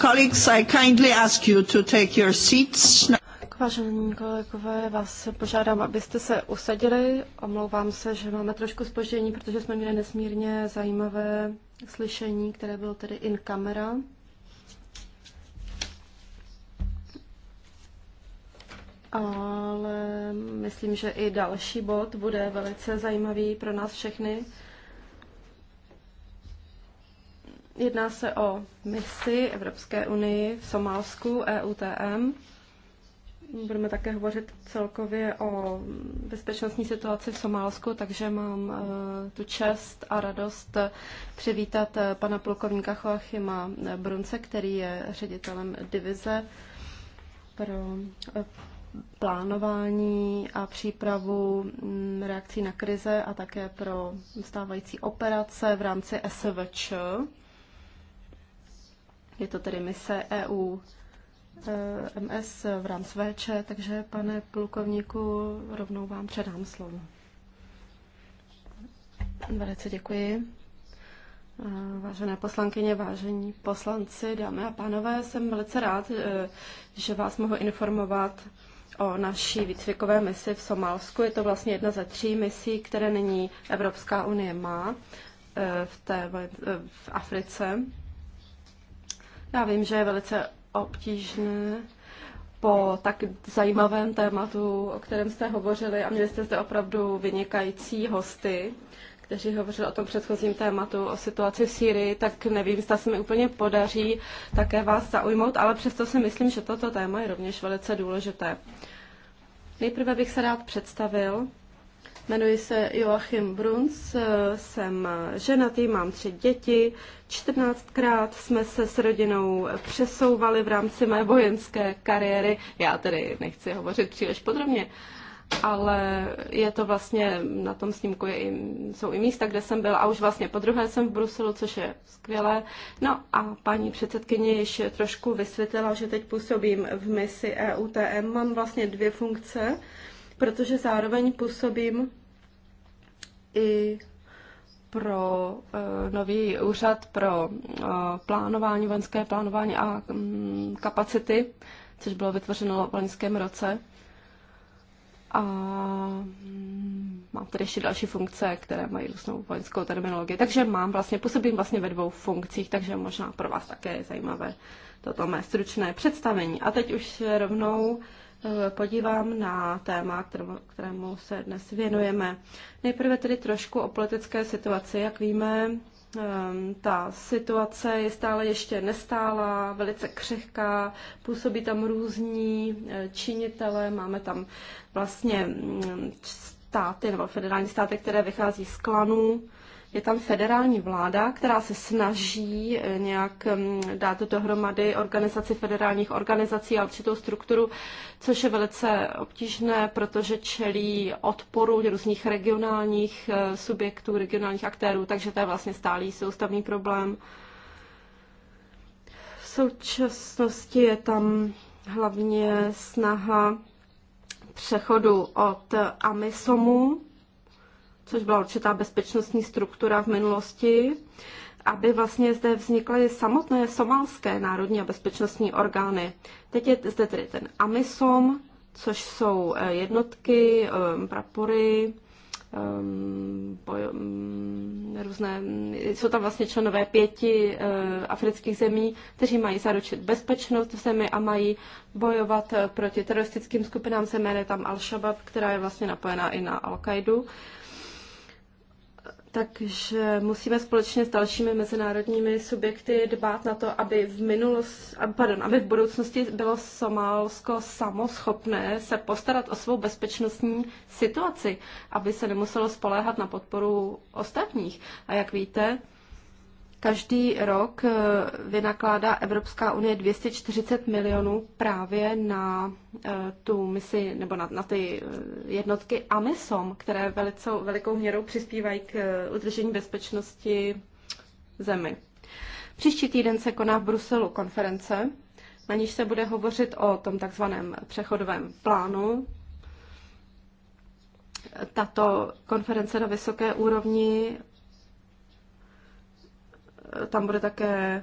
Colleagues, I kindly ask you to take your seats. Vážení kolegové, vás požádám, abyste se usadili. Omlouvám se, že máme trošku spoždění, protože jsme měli nesmírně zajímavé slyšení, které bylo tedy in camera. Ale myslím, že i další bod bude velice zajímavý pro nás všechny. Jedná se o misi Evropské unii v Somálsku, EUTM. Budeme také hovořit celkově o bezpečnostní situaci v Somálsku, takže mám eh, tu čest a radost přivítat eh, pana plukovníka Joachima Brunce, který je ředitelem divize pro eh, plánování a přípravu mm, reakcí na krize a také pro stávající operace v rámci SVČ. Je to tedy mise EU eh, MS v rámci VČ, takže pane plukovníku, rovnou vám předám slovo. Velice děkuji. Eh, vážené poslankyně, vážení poslanci, dámy a pánové, jsem velice rád, eh, že vás mohu informovat o naší výcvikové misi v Somálsku. Je to vlastně jedna ze tří misí, které nyní Evropská unie má v, té, v Africe. Já vím, že je velice obtížné po tak zajímavém tématu, o kterém jste hovořili a měli jste zde opravdu vynikající hosty, kteří hovořili o tom předchozím tématu, o situaci v Sýrii, tak nevím, zda se mi úplně podaří také vás zaujmout, ale přesto si myslím, že toto téma je rovněž velice důležité. Nejprve bych se rád představil. Jmenuji se Joachim Bruns, jsem ženatý, mám tři děti. Čtrnáctkrát jsme se s rodinou přesouvali v rámci mé vojenské kariéry. Já tedy nechci hovořit příliš podrobně, ale je to vlastně, na tom snímku je i, jsou i místa, kde jsem byla a už vlastně po druhé jsem v Bruselu, což je skvělé. No a paní předsedkyně již trošku vysvětlila, že teď působím v misi EUTM, mám vlastně dvě funkce, protože zároveň působím i pro e, nový úřad pro e, plánování, vojenské plánování a mm, kapacity, což bylo vytvořeno v loňském roce. A mm, mám tady ještě další funkce, které mají různou vojenskou terminologii. Takže mám vlastně, působím vlastně ve dvou funkcích, takže možná pro vás také je zajímavé toto mé stručné představení. A teď už rovnou podívám na téma, kterému, kterému se dnes věnujeme. Nejprve tedy trošku o politické situaci. Jak víme, ta situace je stále ještě nestálá, velice křehká, působí tam různí e, činitele, máme tam vlastně mm, státy nebo federální státy, které vychází z klanů, je tam federální vláda, která se snaží eh, nějak mm, dát dohromady organizaci federálních organizací a určitou strukturu, což je velice obtížné, protože čelí odporu různých regionálních eh, subjektů, regionálních aktérů, takže to je vlastně stálý soustavný problém. V současnosti je tam hlavně snaha přechodu od amisomu což byla určitá bezpečnostní struktura v minulosti, aby vlastně zde vznikly samotné somalské národní a bezpečnostní orgány. Teď je zde tedy ten AMISOM, což jsou eh, jednotky, eh, prapory, eh, boj, mm, různé, mm, jsou tam vlastně členové pěti afrických zemí, kteří mají zaručit bezpečnost v zemi a mají bojovat proti teroristickým skupinám, zejména tam Al-Shabaab, která je vlastně napojená i na Al-Qaidu. Takže musíme společně s dalšími mezinárodními subjekty dbát na to, aby v, minulost, pardon, aby v budoucnosti bylo Somálsko samoschopné se postarat o svou bezpečnostní situaci, aby se nemuselo spoléhat na podporu ostatních. A jak víte, Každý rok eh, vynakládá Evropská unie 240 milionů právě na eh, tu misi, nebo na, na ty eh, jednotky AMISOM, které velicou velikou měrou přispívají k udržení bezpečnosti zemi. Příští týden se koná v Bruselu konference, na níž se bude hovořit o tom takzvaném přechodovém plánu. Tato konference na vysoké úrovni tam bude také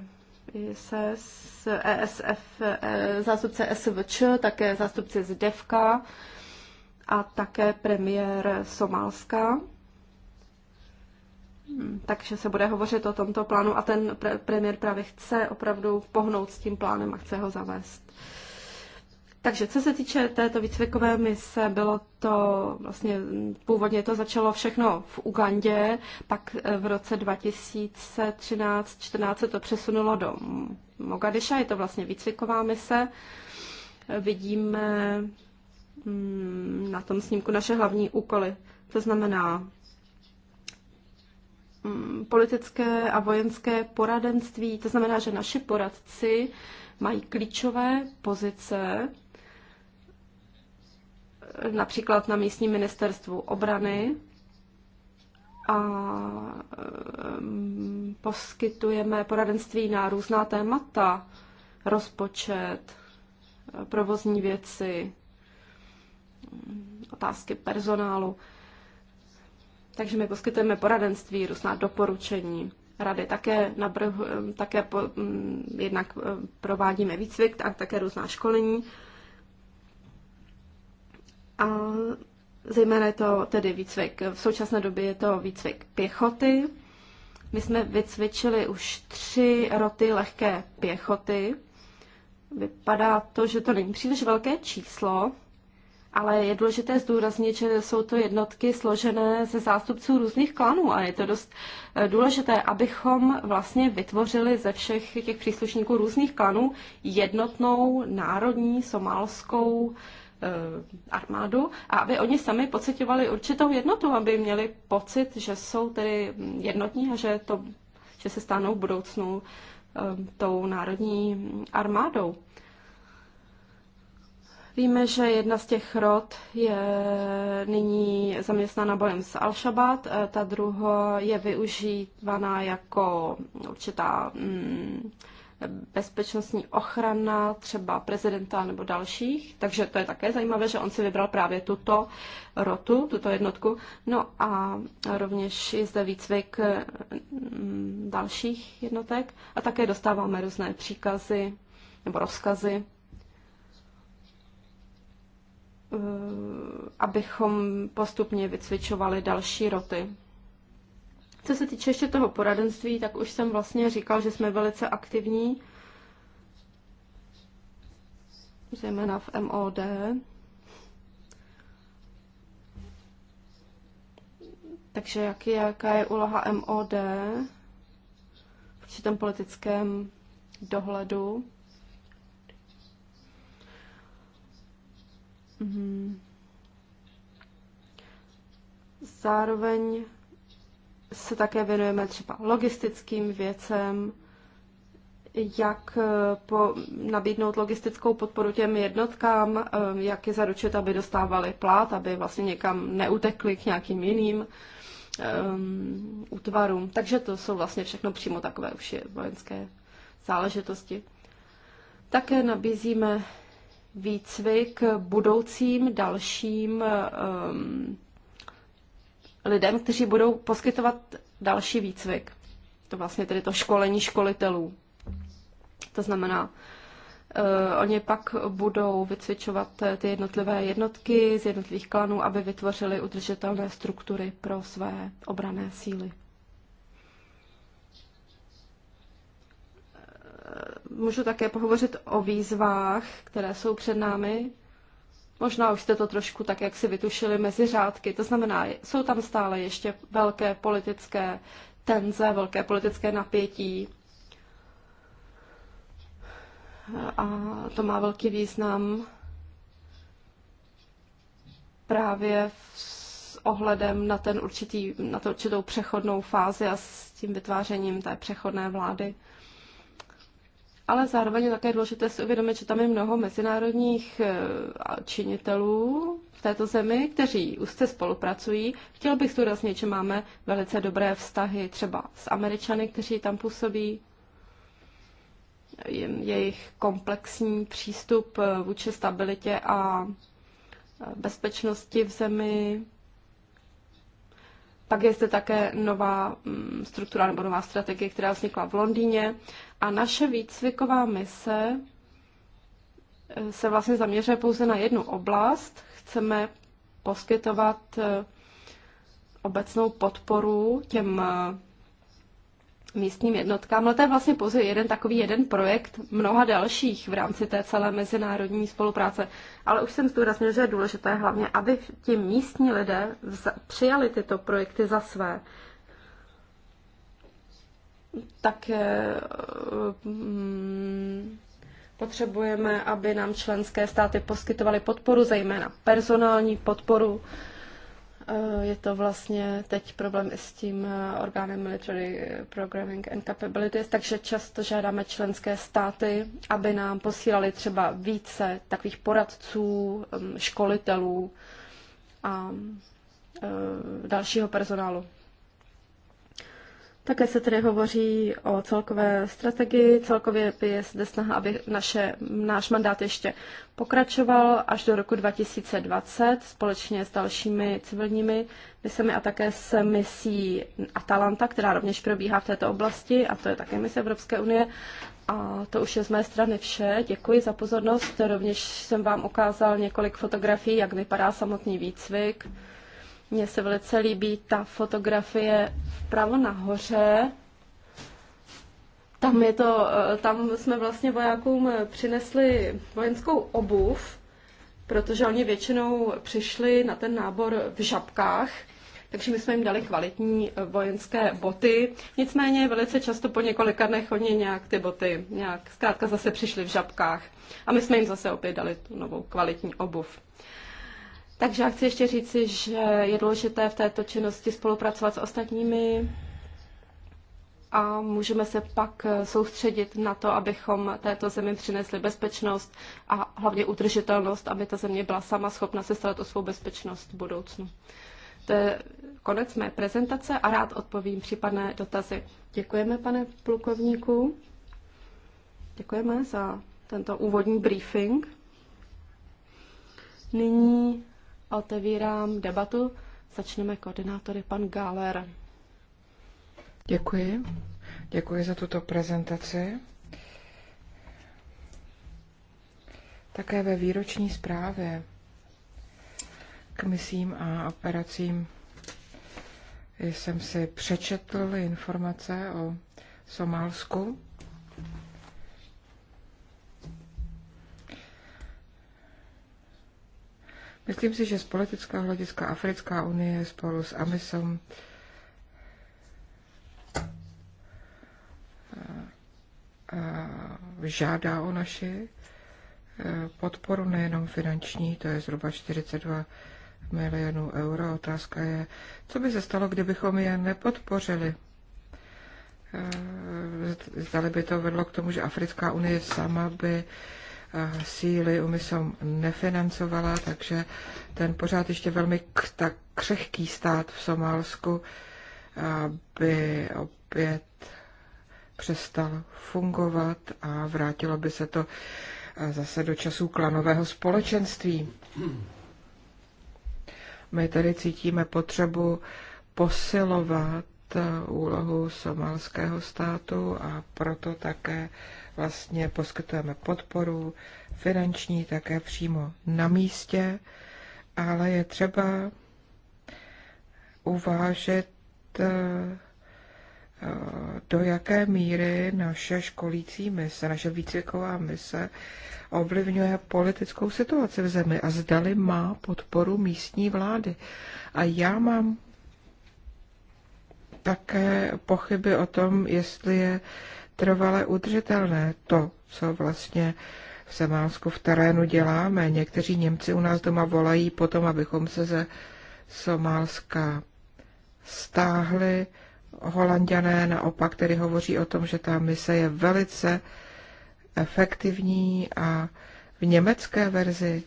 ISS, ESF, e, zástupce SVČ, také zástupce z DEVKA a také premiér Somálska. Hmm, takže se bude hovořit o tomto plánu a ten pre- premiér právě chce opravdu pohnout s tím plánem a chce ho zavést. Uh, takže co se týče této výcvikové mise, bylo to vlastně, původně to začalo všechno v Ugandě, pak eh, v roce 2013-14 se to přesunulo do Mogadiša, je to vlastně výcviková mise. Vidíme mm, na tom snímku naše hlavní úkoly, to znamená mm, politické a vojenské poradenství, to znamená, že naši poradci mají klíčové pozice například na místním ministerstvu obrany a poskytujeme poradenství na různá témata, rozpočet, provozní věci, otázky personálu. Takže my poskytujeme poradenství, různá doporučení, rady. Také, na brhu, také po, jednak provádíme výcvik a také různá školení. A zejména je to tedy výcvik, v současné době je to výcvik pěchoty. My jsme vycvičili už tři roty lehké pěchoty. Vypadá to, že to není příliš velké číslo, ale je důležité zdůraznit, že jsou to jednotky složené ze zástupců různých klanů a je to dost eh, důležité, abychom vlastně vytvořili ze všech těch příslušníků různých klanů jednotnou národní somálskou Eh, armádu a aby oni sami pocitovali určitou jednotu, aby měli pocit, že jsou tedy jednotní a že, to, že se stanou v budoucnu eh, tou národní armádou. Víme, že jedna z těch rod je nyní zaměstnána bojem s al shabaab eh, ta druhá je využívaná jako určitá mm, bezpečnostní ochrana třeba prezidenta nebo dalších. Takže to je také zajímavé, že on si vybral právě tuto rotu, tuto jednotku. No a rovněž je zde výcvik eh, mm, dalších jednotek a také dostáváme různé příkazy nebo rozkazy eh, abychom postupně vycvičovali další roty. Co se týče ještě toho poradenství, tak už jsem vlastně říkal, že jsme velice aktivní, zejména v MOD. Takže jak je, jaká je úloha MOD v určitém politickém dohledu? Mhm. Zároveň se také věnujeme třeba logistickým věcem, jak eh, po, nabídnout logistickou podporu těm jednotkám, eh, jak je zaručit, aby dostávali plát, aby vlastně někam neutekli k nějakým jiným um, útvarům. Takže to jsou vlastně všechno přímo takové už vojenské záležitosti. Také nabízíme výcvik budoucím dalším um, lidem, kteří budou poskytovat další výcvik. To vlastně tedy to školení školitelů. To znamená, uh, oni pak budou vycvičovat eh, ty jednotlivé jednotky z jednotlivých klanů, aby vytvořili udržitelné struktury pro své obrané síly. Eh, můžu také pohovořit o výzvách, které jsou před námi. Možná už jste to trošku tak, jak si vytušili mezi řádky. To znamená, jsou tam stále ještě velké politické tenze, velké politické napětí. A to má velký význam právě s ohledem na, ten určitý, na to určitou přechodnou fázi a s tím vytvářením té přechodné vlády ale zároveň je také důležité si uvědomit, že tam je mnoho mezinárodních eh, činitelů v této zemi, kteří úzce spolupracují. Chtěl bych zdůraznit, že máme velice dobré vztahy třeba s Američany, kteří tam působí, jejich komplexní přístup eh, vůči stabilitě a eh, bezpečnosti v zemi. Pak je zde také nová mm, struktura nebo nová strategie, která vznikla v Londýně. A naše výcviková mise eh, se vlastně zaměřuje pouze na jednu oblast. Chceme poskytovat eh, obecnou podporu těm eh, místním jednotkám, ale no, to je vlastně pouze jeden takový jeden projekt mnoha dalších v rámci té celé mezinárodní spolupráce. Ale už jsem zdůraznil, že je důležité hlavně, aby ti místní lidé přijali tyto projekty za své, také eh, mm, potřebujeme, aby nám členské státy poskytovaly podporu, zejména personální podporu. Eh, je to vlastně teď problém i s tím eh, orgánem Military Programming and Capabilities, takže často žádáme členské státy, aby nám posílali třeba více takových poradců, mm, školitelů a dalšího personálu. Také se tedy hovoří o celkové strategii. Celkově je zde snaha, aby naše, náš mandát ještě pokračoval až do roku 2020 společně s dalšími civilními misemi a také s misí Atalanta, která rovněž probíhá v této oblasti a to je také mise Evropské unie. A to už je z mé strany vše. Děkuji za pozornost. Rovněž jsem vám ukázal několik fotografií, jak vypadá samotný výcvik. Mně se velice líbí ta fotografie vpravo nahoře. Tam, je to, eh, tam jsme vlastně vojákům eh, přinesli vojenskou obuv, protože oni většinou přišli na ten nábor v žabkách, takže my jsme jim dali kvalitní eh, vojenské boty. Nicméně velice často po několika dnech oni nějak ty boty, nějak zkrátka zase přišli v žabkách. A my jsme jim zase opět dali tu novou kvalitní obuv. Takže já chci ještě říci, že je důležité v této činnosti spolupracovat s ostatními a můžeme se pak soustředit na to, abychom této zemi přinesli bezpečnost a hlavně udržitelnost, aby ta země byla sama schopna se starat o svou bezpečnost v budoucnu. To je konec mé prezentace a rád odpovím případné dotazy. Děkujeme, pane plukovníku. Děkujeme za tento úvodní briefing. Nyní Otevírám debatu. Začneme koordinátory pan Gáler. Děkuji. Děkuji za tuto prezentaci. Také ve výroční zprávě k misím a operacím jsem si přečetl informace o Somálsku. Myslím si, že z politického hlediska Africká unie spolu s Amisom eh, eh, žádá o naši eh, podporu nejenom finanční, to je zhruba 42 milionů euro. Otázka je, co by se stalo, kdybychom je nepodpořili. Zdali by to vedlo k tomu, že Africká unie sama by síly umysl nefinancovala, takže ten pořád ještě velmi tak křehký stát v Somálsku by opět přestal fungovat a vrátilo by se to zase do časů klanového společenství. My tady cítíme potřebu posilovat úlohu somálského státu a proto také vlastně poskytujeme podporu finanční také přímo na místě, ale je třeba uvážet, eh, do jaké míry naše školící mise, naše výcviková mise ovlivňuje politickou situaci v zemi a zdali má podporu místní vlády. A já mám také pochyby o tom, jestli je trvale udržitelné, to, co vlastně v Semánsku v terénu děláme. Někteří Němci u nás doma volají potom, abychom se ze Somálska stáhli. Holanděné naopak tedy hovoří o tom, že ta mise je velice efektivní a v německé verzi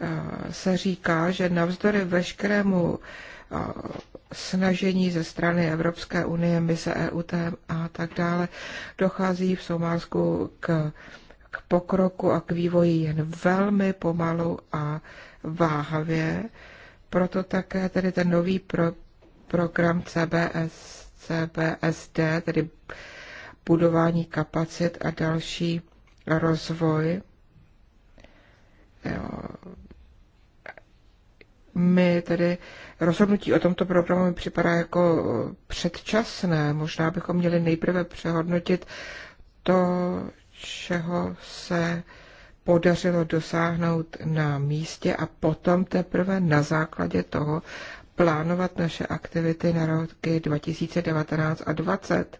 eh, se říká, že navzdory veškerému eh, snažení ze strany Evropské unie, mise EU a tak dále, dochází v Somálsku k, k pokroku a k vývoji jen velmi pomalu a váhavě. Proto také tedy ten nový pro, program CBS, CBSD, tedy budování kapacit a další rozvoj, jo, my tedy rozhodnutí o tomto programu mi připadá jako předčasné. Možná bychom měli nejprve přehodnotit to, čeho se podařilo dosáhnout na místě a potom teprve na základě toho plánovat naše aktivity na roky 2019 a 2020.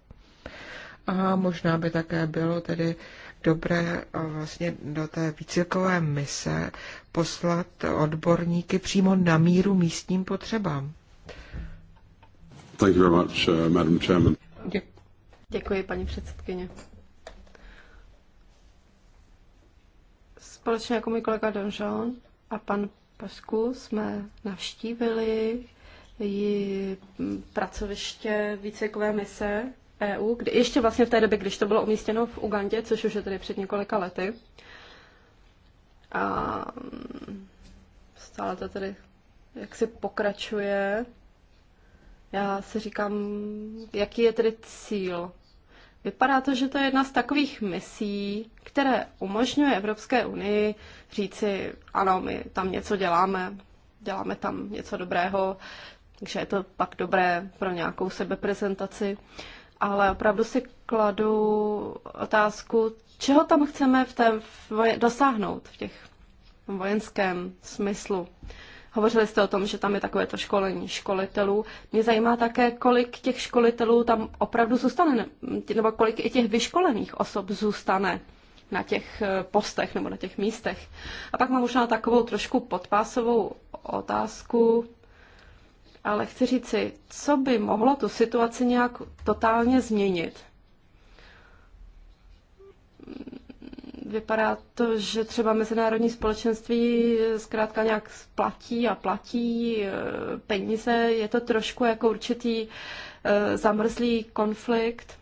A možná by také bylo tedy dobré eh, vlastně do té výcvikové mise poslat odborníky přímo na míru místním potřebám. Thank you very much, uh, Madam Chairman. Děkuji. Děkuji, paní předsedkyně. Společně jako můj kolega Donjon a pan Pasku jsme navštívili její pracoviště výcvikové mise EU, kdy, ještě vlastně v té době, když to bylo umístěno v Ugandě, což už je tady před několika lety. A stále to tady jak si pokračuje. Já si říkám, jaký je tedy cíl. Vypadá to, že to je jedna z takových misí, které umožňuje Evropské unii říci, ano, my tam něco děláme, děláme tam něco dobrého, takže je to pak dobré pro nějakou sebeprezentaci ale opravdu si kladu otázku, čeho tam chceme v té voje, dosáhnout v těch vojenském smyslu. Hovořili jste o tom, že tam je takové to školení školitelů. Mě zajímá také, kolik těch školitelů tam opravdu zůstane, nebo kolik i těch vyškolených osob zůstane na těch eh, postech nebo na těch místech. A pak mám možná takovou trošku podpásovou otázku ale chci říci, co by mohlo tu situaci nějak totálně změnit. Vypadá to, že třeba mezinárodní společenství zkrátka nějak platí a platí eh, peníze. Je to trošku jako určitý eh, zamrzlý konflikt.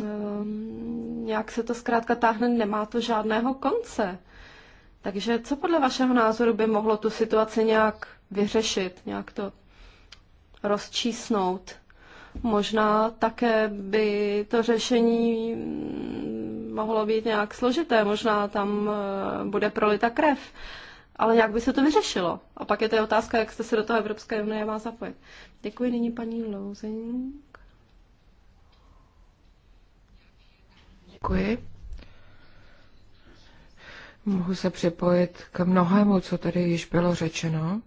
Ehm, nějak se to zkrátka táhne, nemá to žádného konce. Takže co podle vašeho názoru by mohlo tu situaci nějak vyřešit, nějak to rozčísnout. Možná také by to řešení mohlo být nějak složité, možná tam eh, bude prolita krev, ale nějak by se to vyřešilo. A pak je to otázka, jak jste se do toho Evropské unie má zapojit. Děkuji nyní paní Louzing. Děkuji. Mohu se připojit k mnohému, co tady již bylo řečeno.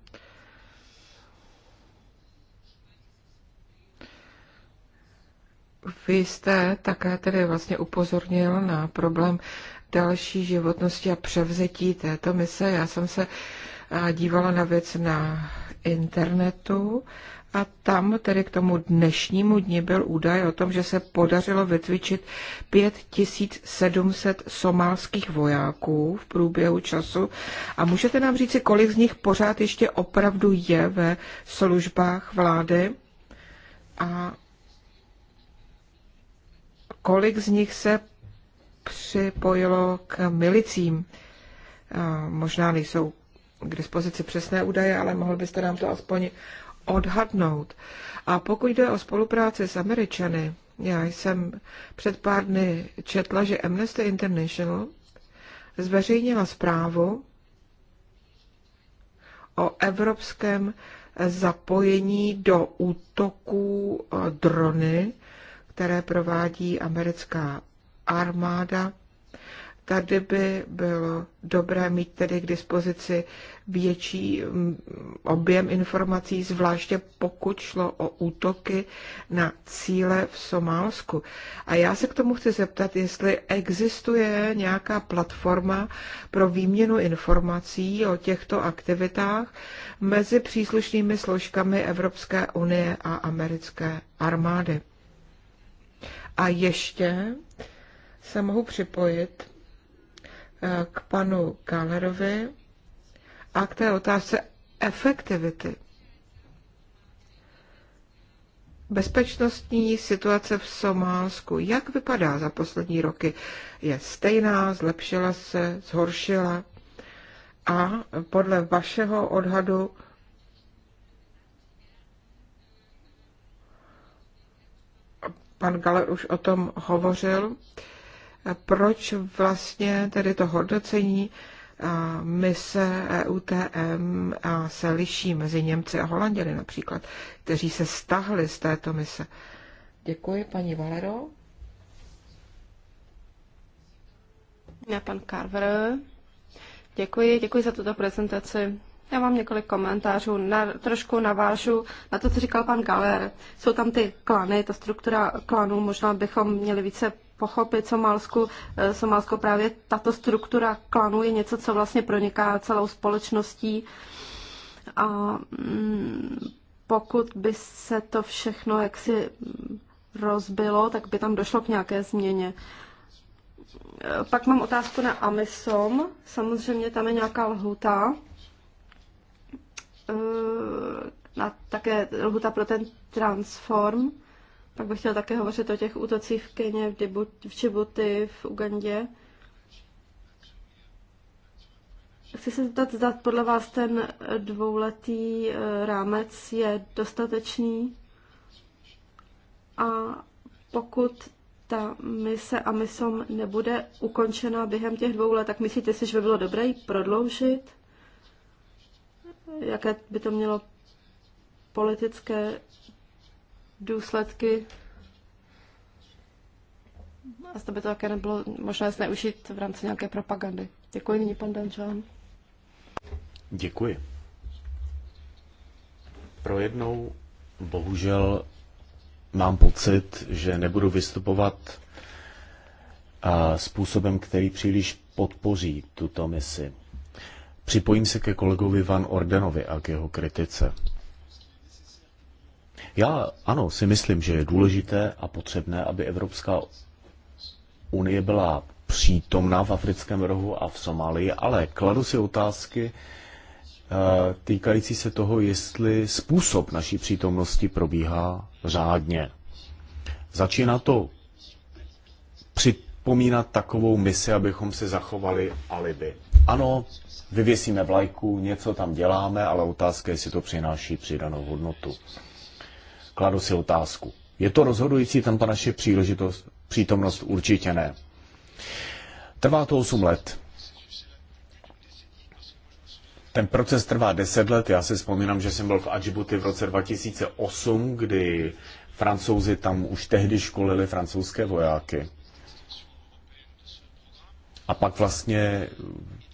Vy jste také tedy vlastně upozornil na problém další životnosti a převzetí této mise. Já jsem se dívala na věc na internetu a tam tedy k tomu dnešnímu dni byl údaj o tom, že se podařilo vytvičit 5700 somálských vojáků v průběhu času. A můžete nám říci, kolik z nich pořád ještě opravdu je ve službách vlády? A kolik z nich se připojilo k milicím. Možná nejsou k dispozici přesné údaje, ale mohl byste nám to aspoň odhadnout. A pokud jde o spolupráci s Američany, já jsem před pár dny četla, že Amnesty International zveřejnila zprávu o evropském zapojení do útoků eh, drony které provádí americká armáda. Tady by bylo dobré mít tedy k dispozici větší mm, objem informací, zvláště pokud šlo o útoky na cíle v Somálsku. A já se k tomu chci zeptat, jestli existuje nějaká platforma pro výměnu informací o těchto aktivitách mezi příslušnými složkami Evropské unie a americké armády. A ještě se mohu připojit eh, k panu Galerovi a k té otázce efektivity. Bezpečnostní situace v Somálsku, jak vypadá za poslední roky? Je stejná, zlepšila se, zhoršila? A podle vašeho odhadu, pan Galer už o tom hovořil, proč vlastně tedy to hodnocení mise EUTM se liší mezi Němci a Holanděny například, kteří se stahli z této mise. Děkuji, paní Valero. Já pan Carver. Děkuji, děkuji za tuto prezentaci. Já mám několik komentářů. Na, trošku navážu na to, co říkal pan Galer. Jsou tam ty klany, ta struktura klanů. Možná bychom měli více pochopit Somálsku. Eh, Somálsko právě tato struktura klanů je něco, co vlastně proniká celou společností. A mm, pokud by se to všechno jaksi rozbilo, tak by tam došlo k nějaké změně. Eh, pak mám otázku na Amisom. Samozřejmě tam je nějaká lhuta. Eh, na také lhuta pro ten transform. Pak bych chtěl také hovořit o těch útocích v Keně, v, v Čibuty, v Ugandě. Chci se zeptat, zda podle vás ten dvouletý eh, rámec je dostatečný a pokud ta mise a misom nebude ukončena během těch dvou let, tak myslíte si, že by bylo dobré ji prodloužit? jaké by to mělo politické důsledky a zda by to také nebylo možné zneužít v rámci nějaké propagandy. Děkuji, nyní pan Danžan. Děkuji. Pro jednou, bohužel, mám pocit, že nebudu vystupovat a způsobem, který příliš podpoří tuto misi. Připojím se ke kolegovi Van Ordenovi a k jeho kritice. Já ano, si myslím, že je důležité a potřebné, aby Evropská unie byla přítomná v africkém rohu a v Somálii, ale kladu si otázky eh, týkající se toho, jestli způsob naší přítomnosti probíhá řádně. Začíná to připomínat takovou misi, abychom se zachovali alibi. Ano, vyvěsíme vlajku, něco tam děláme, ale otázka je, jestli to přináší přidanou hodnotu. Kladu si otázku. Je to rozhodující tam ta naše příležitost, přítomnost? Určitě ne. Trvá to 8 let. Ten proces trvá 10 let. Já si vzpomínám, že jsem byl v Adžibuti v roce 2008, kdy francouzi tam už tehdy školili francouzské vojáky. A pak vlastně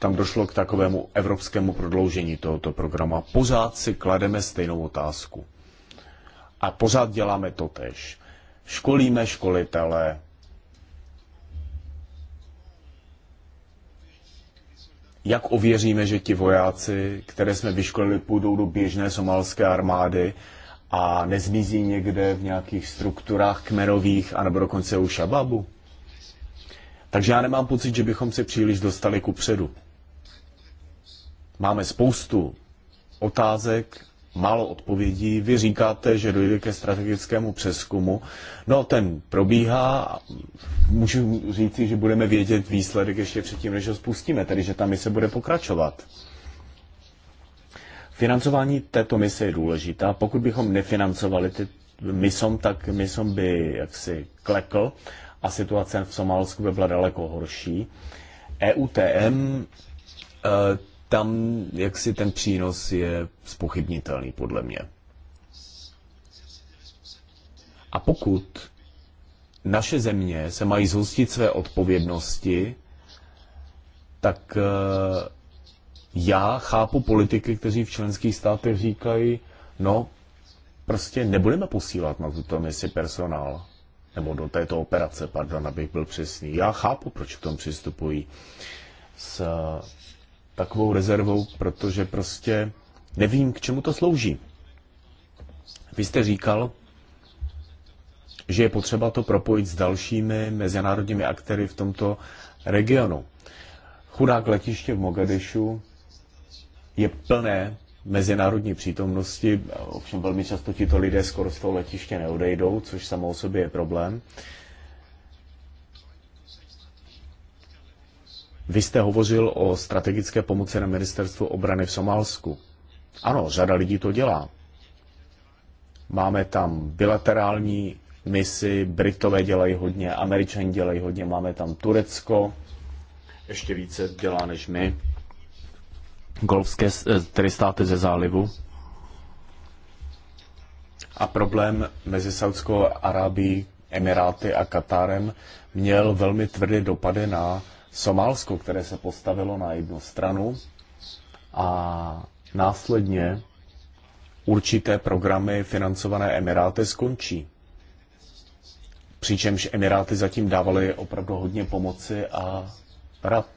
tam došlo k takovému evropskému prodloužení tohoto programu. A pořád si klademe stejnou otázku. A pořád děláme to tež. Školíme školitele, jak ověříme, že ti vojáci, které jsme vyškolili, půjdou do běžné somalské armády a nezmizí někde v nějakých strukturách kmerových anebo dokonce u šababu. Takže já nemám pocit, že bychom se příliš dostali ku předu. Máme spoustu otázek, málo odpovědí. Vy říkáte, že dojde ke strategickému přeskumu. No, ten probíhá. Můžu říct, že budeme vědět výsledek ještě předtím, než ho spustíme, tedy že ta mise bude pokračovat. Financování této mise je důležitá. Pokud bychom nefinancovali ty misom, tak misom by jaksi klekl a situace v Somálsku by byla daleko horší. EUTM eh, tam jaksi ten přínos je spochybnitelný podle mě. A pokud naše země se mají zhostit své odpovědnosti, tak eh, já chápu politiky, kteří v členských státech říkají, no, prostě nebudeme posílat na tuto misi personál, nebo do této operace, pardon, abych byl přesný. Já chápu, proč k tomu přistupují s takovou rezervou, protože prostě nevím, k čemu to slouží. Vy jste říkal, že je potřeba to propojit s dalšími mezinárodními aktéry v tomto regionu. Chudák letiště v Mogadešu je plné mezinárodní přítomnosti, ovšem velmi často tito lidé skoro z toho letiště neodejdou, což samo o sobě je problém. Vy jste hovořil o strategické pomoci na ministerstvu obrany v Somálsku. Ano, řada lidí to dělá. Máme tam bilaterální misi, Britové dělají hodně, Američani dělají hodně, máme tam Turecko, ještě více dělá než my, golfské, eh, tedy státy ze zálivu. A problém mezi Saudskou Arábí, Emiráty a Katarem měl velmi tvrdé dopady na Somálsko, které se postavilo na jednu stranu a následně určité programy financované Emiráty skončí. Přičemž Emiráty zatím dávaly opravdu hodně pomoci a rad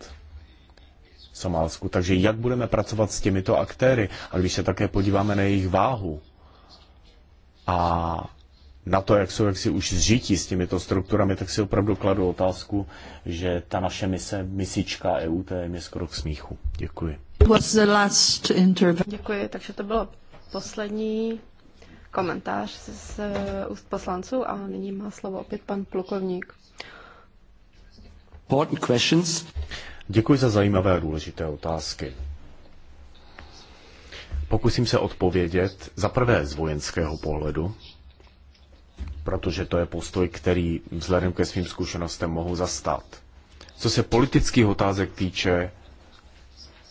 Somálsku. Takže jak budeme pracovat s těmito aktéry? A když se také podíváme na jejich váhu a na to, jak jsou jaksi už zžití s těmito strukturami, tak si opravdu kladu otázku, že ta naše mise, misička e to je mě skoro k smíchu. Děkuji. Děkuji, takže to bylo poslední komentář z eh, úst poslanců a nyní má slovo opět pan plukovník. Děkuji za zajímavé a důležité otázky. Pokusím se odpovědět za prvé z vojenského pohledu, protože to je postoj, který vzhledem ke svým zkušenostem mohu zastat. Co se politických otázek týče,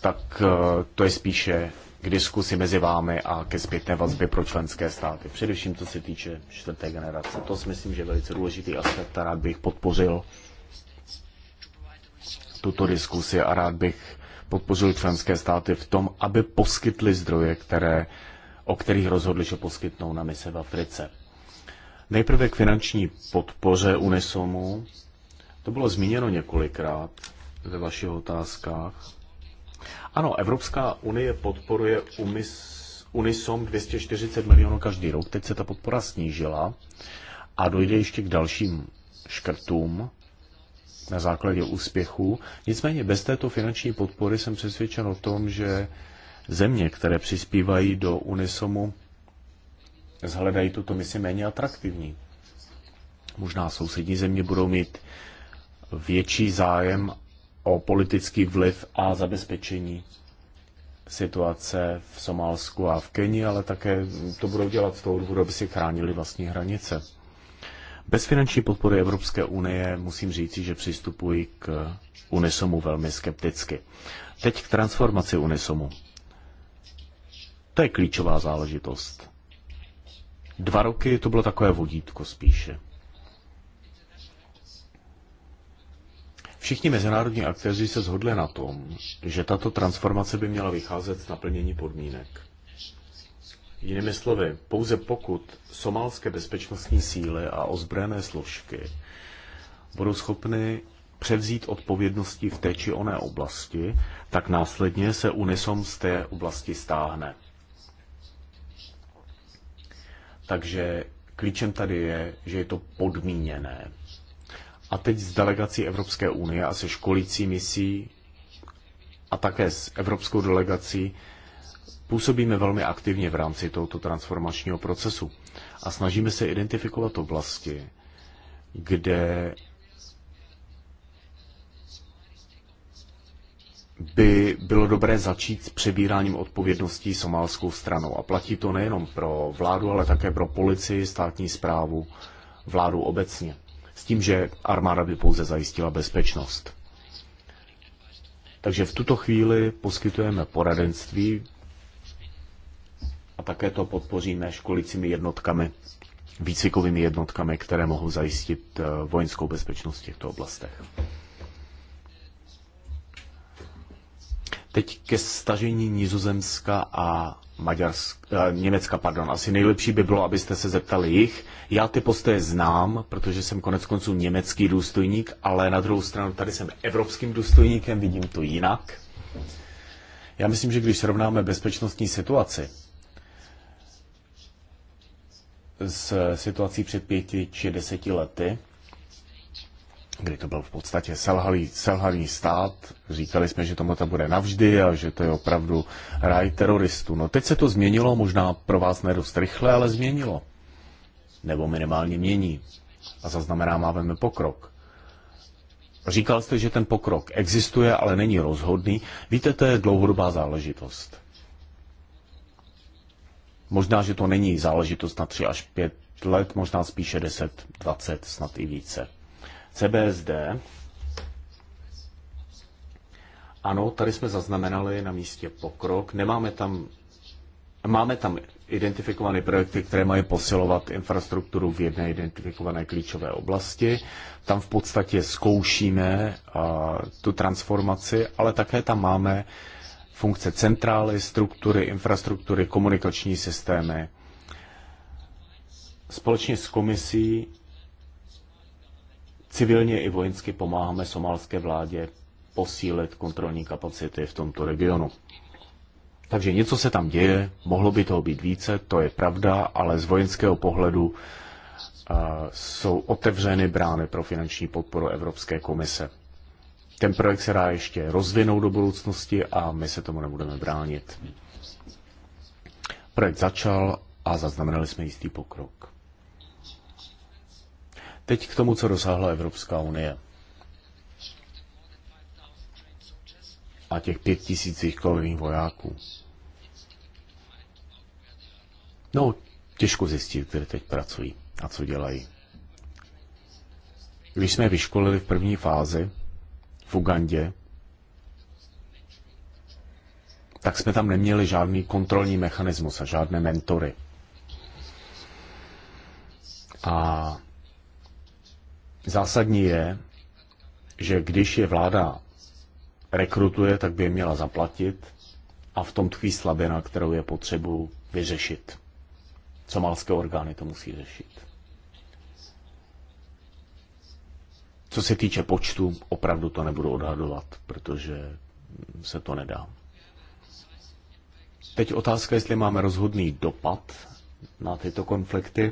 tak eh, to je spíše k diskusi mezi vámi a ke zpětné vazbě pro členské státy. Především co se týče čtvrté generace. To si myslím, že je velice důležitý aspekt a rád bych podpořil tuto diskusi a rád bych podpořil členské státy v tom, aby poskytly zdroje, které, o kterých rozhodli, že poskytnou na mise v Africe. Nejprve k finanční podpoře Unisomu. To bylo zmíněno několikrát ve vašich otázkách. Ano, Evropská unie podporuje Unisom 240 milionů každý rok. Teď se ta podpora snížila a dojde ještě k dalším škrtům na základě úspěchu. Nicméně bez této finanční podpory jsem přesvědčen o tom, že země, které přispívají do Unisomu, zhledají tuto misi méně atraktivní. Možná sousední země budou mít větší zájem o politický vliv a zabezpečení situace v Somálsku a v Keni, ale také to budou dělat z toho důvodu, aby si chránili vlastní hranice. Bez finanční podpory Evropské unie musím říci, že přistupuji k Unisomu velmi skepticky. Teď k transformaci Unisomu. To je klíčová záležitost. Dva roky to bylo takové vodítko spíše. Všichni mezinárodní aktéři se zhodli na tom, že tato transformace by měla vycházet z naplnění podmínek. Jinými slovy, pouze pokud somálské bezpečnostní síly a ozbrojené složky budou schopny převzít odpovědnosti v té či oné oblasti, tak následně se Unisom z té oblasti stáhne. Takže klíčem tady je, že je to podmíněné. A teď s delegací Evropské unie a se školící misí a také s evropskou delegací působíme velmi aktivně v rámci tohoto transformačního procesu a snažíme se identifikovat oblasti, kde by bylo dobré začít s přebíráním odpovědností somálskou stranou. A platí to nejenom pro vládu, ale také pro policii, státní zprávu, vládu obecně. S tím, že armáda by pouze zajistila bezpečnost. Takže v tuto chvíli poskytujeme poradenství a také to podpoříme školicími jednotkami, výcvikovými jednotkami, které mohou zajistit eh, vojenskou bezpečnost v těchto oblastech. Teď ke stažení Nizozemska a Maďarska, eh, Německa, pardon. Asi nejlepší by bylo, abyste se zeptali jich. Já ty postoje znám, protože jsem konec konců německý důstojník, ale na druhou stranu tady jsem evropským důstojníkem, vidím to jinak. Já myslím, že když srovnáme bezpečnostní situaci s situací před pěti či deseti lety, kdy to byl v podstatě selhalý, selhalý stát. Říkali jsme, že tomu to bude navždy a že to je opravdu ráj teroristů. No teď se to změnilo, možná pro vás nedost rychle, ale změnilo. Nebo minimálně mění. A máme pokrok. Říkal jste, že ten pokrok existuje, ale není rozhodný. Víte, to je dlouhodobá záležitost. Možná, že to není záležitost na 3 až 5 let, možná spíše 10, 20, snad i více. CBSD. Ano, tady jsme zaznamenali na místě pokrok. Nemáme tam, máme tam identifikované projekty, které mají posilovat infrastrukturu v jedné identifikované klíčové oblasti. Tam v podstatě zkoušíme a, tu transformaci, ale také tam máme funkce centrály, struktury, infrastruktury, komunikační systémy. Společně s komisí civilně i vojensky pomáháme somálské vládě posílit kontrolní kapacity v tomto regionu. Takže něco se tam děje, mohlo by toho být více, to je pravda, ale z vojenského pohledu jsou otevřeny brány pro finanční podporu Evropské komise. Ten projekt se dá ještě rozvinout do budoucnosti a my se tomu nebudeme bránit. Projekt začal a zaznamenali jsme jistý pokrok. Teď k tomu, co dosáhla Evropská unie. A těch pět tisících kolových vojáků. No, těžko zjistit, kde teď pracují a co dělají. Když jsme vyškolili v první fázi v Ugandě, tak jsme tam neměli žádný kontrolní mechanismus a žádné mentory. Zásadní je, že když je vláda rekrutuje, tak by je měla zaplatit a v tom tkví slabina, kterou je potřebu vyřešit. Somálské orgány to musí řešit. Co se týče počtu, opravdu to nebudu odhadovat, protože se to nedá. Teď otázka, jestli máme rozhodný dopad na tyto konflikty.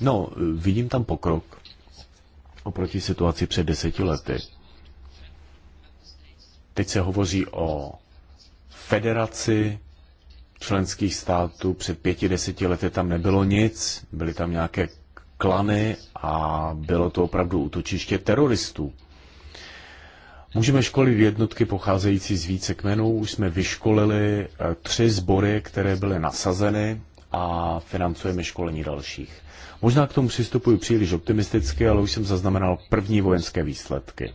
No, vidím tam pokrok oproti situaci před deseti lety. Teď se hovoří o federaci členských států. Před pěti, deseti lety tam nebylo nic, byly tam nějaké klany a bylo to opravdu útočiště teroristů. Můžeme školit jednotky pocházející z více kmenů. Už jsme vyškolili eh, tři sbory, které byly nasazeny a financujeme školení dalších. Možná k tomu přistupuji příliš optimisticky, ale už jsem zaznamenal první vojenské výsledky.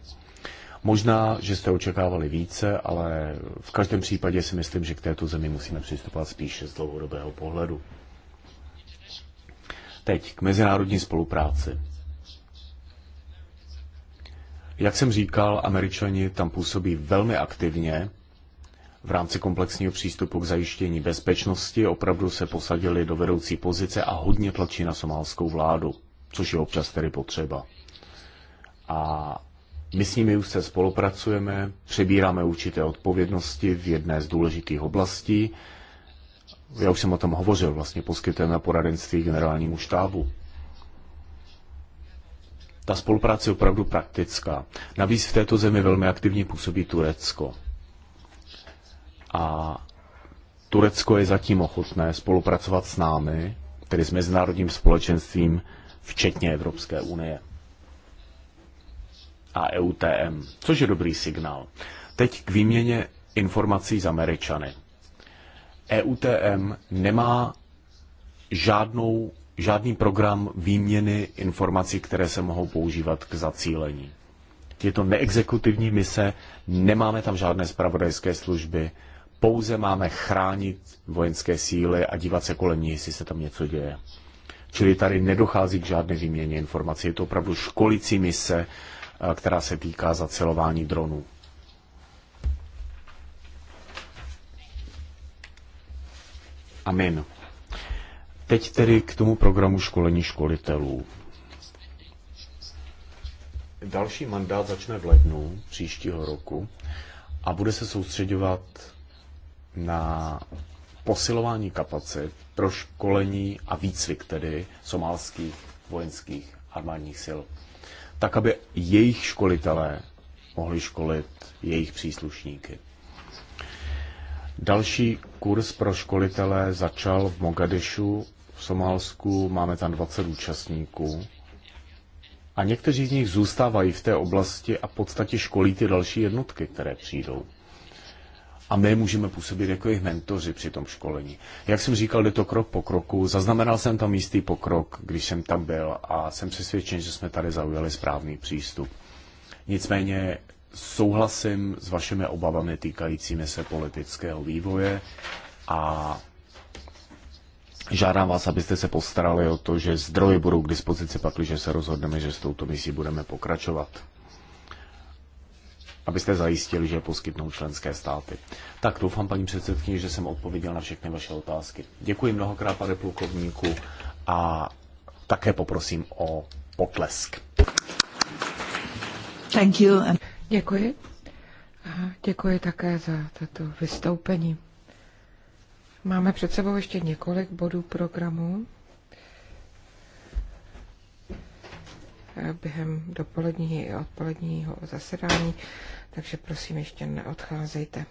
Možná, že jste očekávali více, ale v každém případě si myslím, že k této zemi musíme přistupovat spíše z dlouhodobého pohledu. Teď k mezinárodní spolupráci. Jak jsem říkal, američani tam působí velmi aktivně v rámci komplexního přístupu k zajištění bezpečnosti opravdu se posadili do vedoucí pozice a hodně tlačí na somálskou vládu, což je občas tedy potřeba. A my s nimi už se spolupracujeme, přebíráme určité odpovědnosti v jedné z důležitých oblastí. Já už jsem o tom hovořil, vlastně poskytujeme poradenství generálnímu štábu. Ta spolupráce je opravdu praktická. Navíc v této zemi velmi aktivně působí Turecko. A Turecko je zatím ochotné spolupracovat s námi, tedy s mezinárodním společenstvím, včetně Evropské unie a EUTM, což je dobrý signál. Teď k výměně informací s Američany. EUTM nemá žádnou, žádný program výměny informací, které se mohou používat k zacílení. Je to neexekutivní mise, nemáme tam žádné spravodajské služby, pouze máme chránit vojenské síly a dívat se kolem ní, jestli se tam něco děje. Čili tady nedochází k žádné výměně informací. Je to opravdu školicí mise, eh, která se týká zacelování dronů. Amin. Teď tedy k tomu programu školení školitelů. Další mandát začne v lednu příštího roku a bude se soustředovat na posilování kapacit pro školení a výcvik tedy somálských vojenských armádních sil, tak aby jejich školitelé mohli školit jejich příslušníky. Další kurz pro školitele začal v Mogadešu v Somálsku, máme tam 20 účastníků. A někteří z nich zůstávají v té oblasti a v podstatě školí ty další jednotky, které přijdou a my můžeme působit jako jejich mentoři při tom školení. Jak jsem říkal, jde to krok po kroku. Zaznamenal jsem tam jistý pokrok, když jsem tam byl a jsem přesvědčen, že jsme tady zaujali správný přístup. Nicméně souhlasím s vašimi obavami týkajícími se politického vývoje a žádám vás, abyste se postarali o to, že zdroje budou k dispozici pakliže se rozhodneme, že s touto misí budeme pokračovat abyste zajistili, že poskytnou členské státy. Tak doufám, paní předsedkyně, že jsem odpověděl na všechny vaše otázky. Děkuji mnohokrát, pane plukovníku, a také poprosím o potlesk. Thank you. Děkuji. děkuji také za toto vystoupení. Máme před sebou ještě několik bodů programu. během dopoledního i odpoledního zasedání, takže prosím ještě neodcházejte.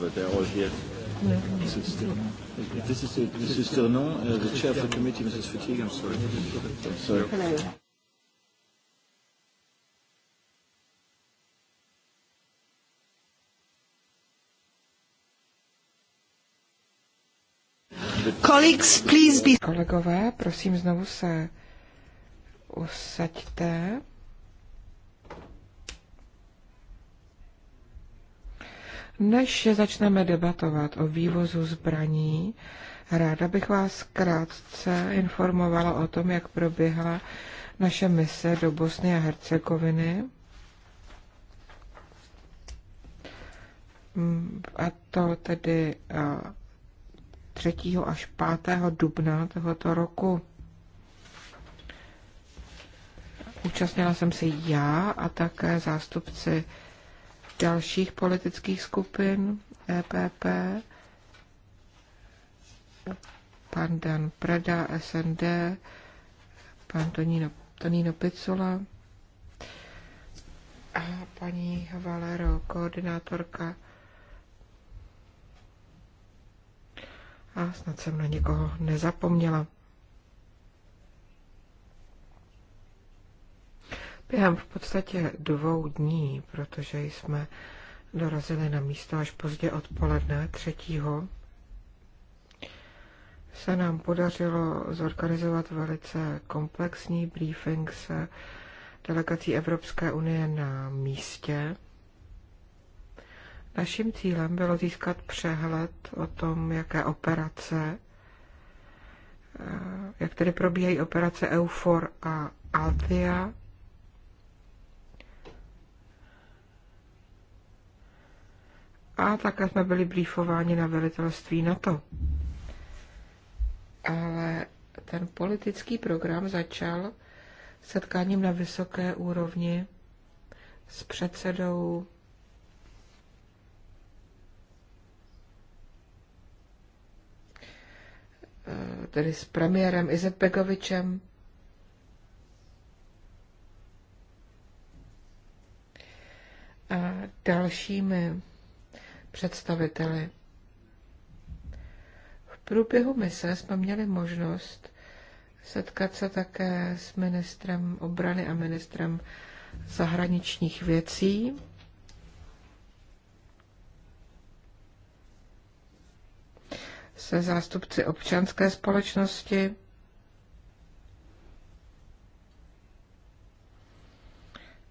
but they're all here. Yeah. Is it still? This is it. This is still no. Uh, the chair of the committee, Mrs. Fatigue. I'm sorry. I'm sorry. Hello. Colleagues, please be... Kolegové, prosím znovu se usaďte. Než začneme debatovat o vývozu zbraní, ráda bych vás krátce informovala o tom, jak proběhla naše mise do Bosny a Hercegoviny. A to tedy 3. až 5. dubna tohoto roku. Účastnila jsem se já a také zástupci dalších politických skupin EPP, pan Dan Prada, SND, pan Tonino, Tonino Picula a paní Valero, koordinátorka. A snad jsem na někoho nezapomněla. během v podstatě dvou dní, protože jsme dorazili na místo až pozdě odpoledne třetího, se nám podařilo zorganizovat velice komplexní briefing se delegací Evropské unie na místě. Naším cílem bylo získat přehled o tom, jaké operace, eh, jak tedy probíhají operace EUFOR a ALTIA, a také jsme byli briefováni na velitelství NATO. Ale ten politický program začal setkáním na vysoké úrovni s předsedou eh, tedy s premiérem Izetbegovičem. A dalšími představiteli. V průběhu mise jsme měli možnost setkat se také s ministrem obrany a ministrem zahraničních věcí. se zástupci občanské společnosti,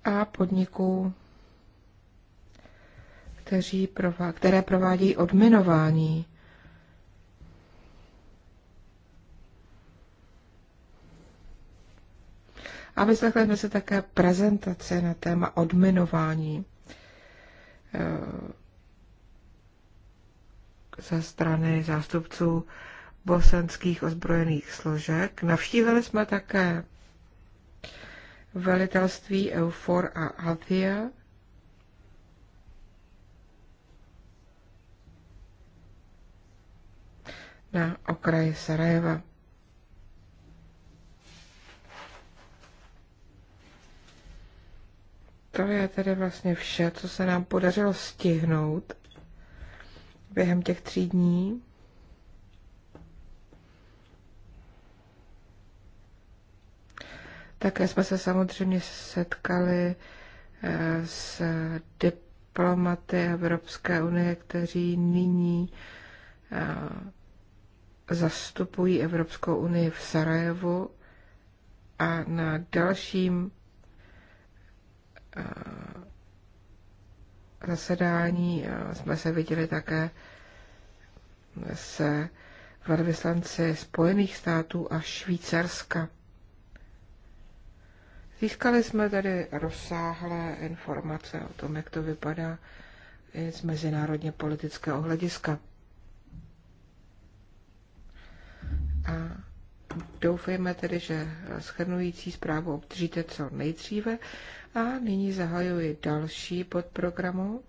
a podniků kteří prová, které provádějí odminování. A vyslechli jsme se také prezentace na téma odminování eh, ze strany zástupců bosenských ozbrojených složek. Navštívili jsme také velitelství EUFOR a Althea, na okraji Sarajeva. To je tedy vlastně vše, co se nám podařilo stihnout během těch tří dní. Také jsme se samozřejmě setkali eh, s diplomaty Evropské unie, kteří nyní eh, zastupují Evropskou unii v Sarajevu a na dalším eh, zasedání eh, jsme se viděli také se velvyslanci Spojených států a Švýcarska. Získali jsme tedy rozsáhlé informace o tom, jak to vypadá z mezinárodně politického hlediska. A doufejme tedy, že schrnující zprávu obdržíte co nejdříve. A nyní zahajuji další podprogramu.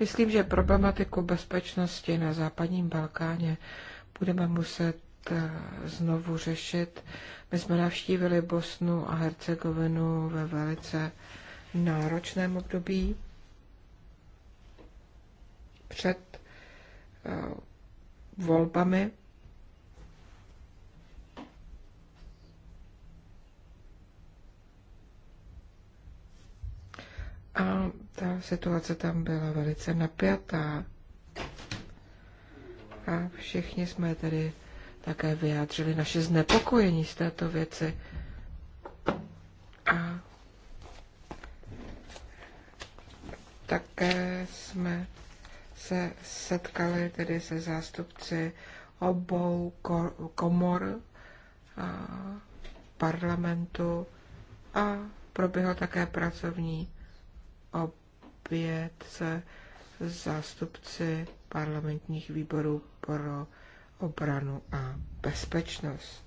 Myslím, že problematiku bezpečnosti na západním Balkáně budeme muset Eh, znovu řešit. My jsme navštívili Bosnu a Hercegovinu ve velice náročném období před eh, volbami. A ta situace tam byla velice napjatá. A všichni jsme tedy také vyjádřili naše znepokojení z této věci. A také jsme se setkali tedy se zástupci obou komor a parlamentu a proběhl také pracovní oběd se zástupci parlamentních výborů pro obranu a bezpečnost.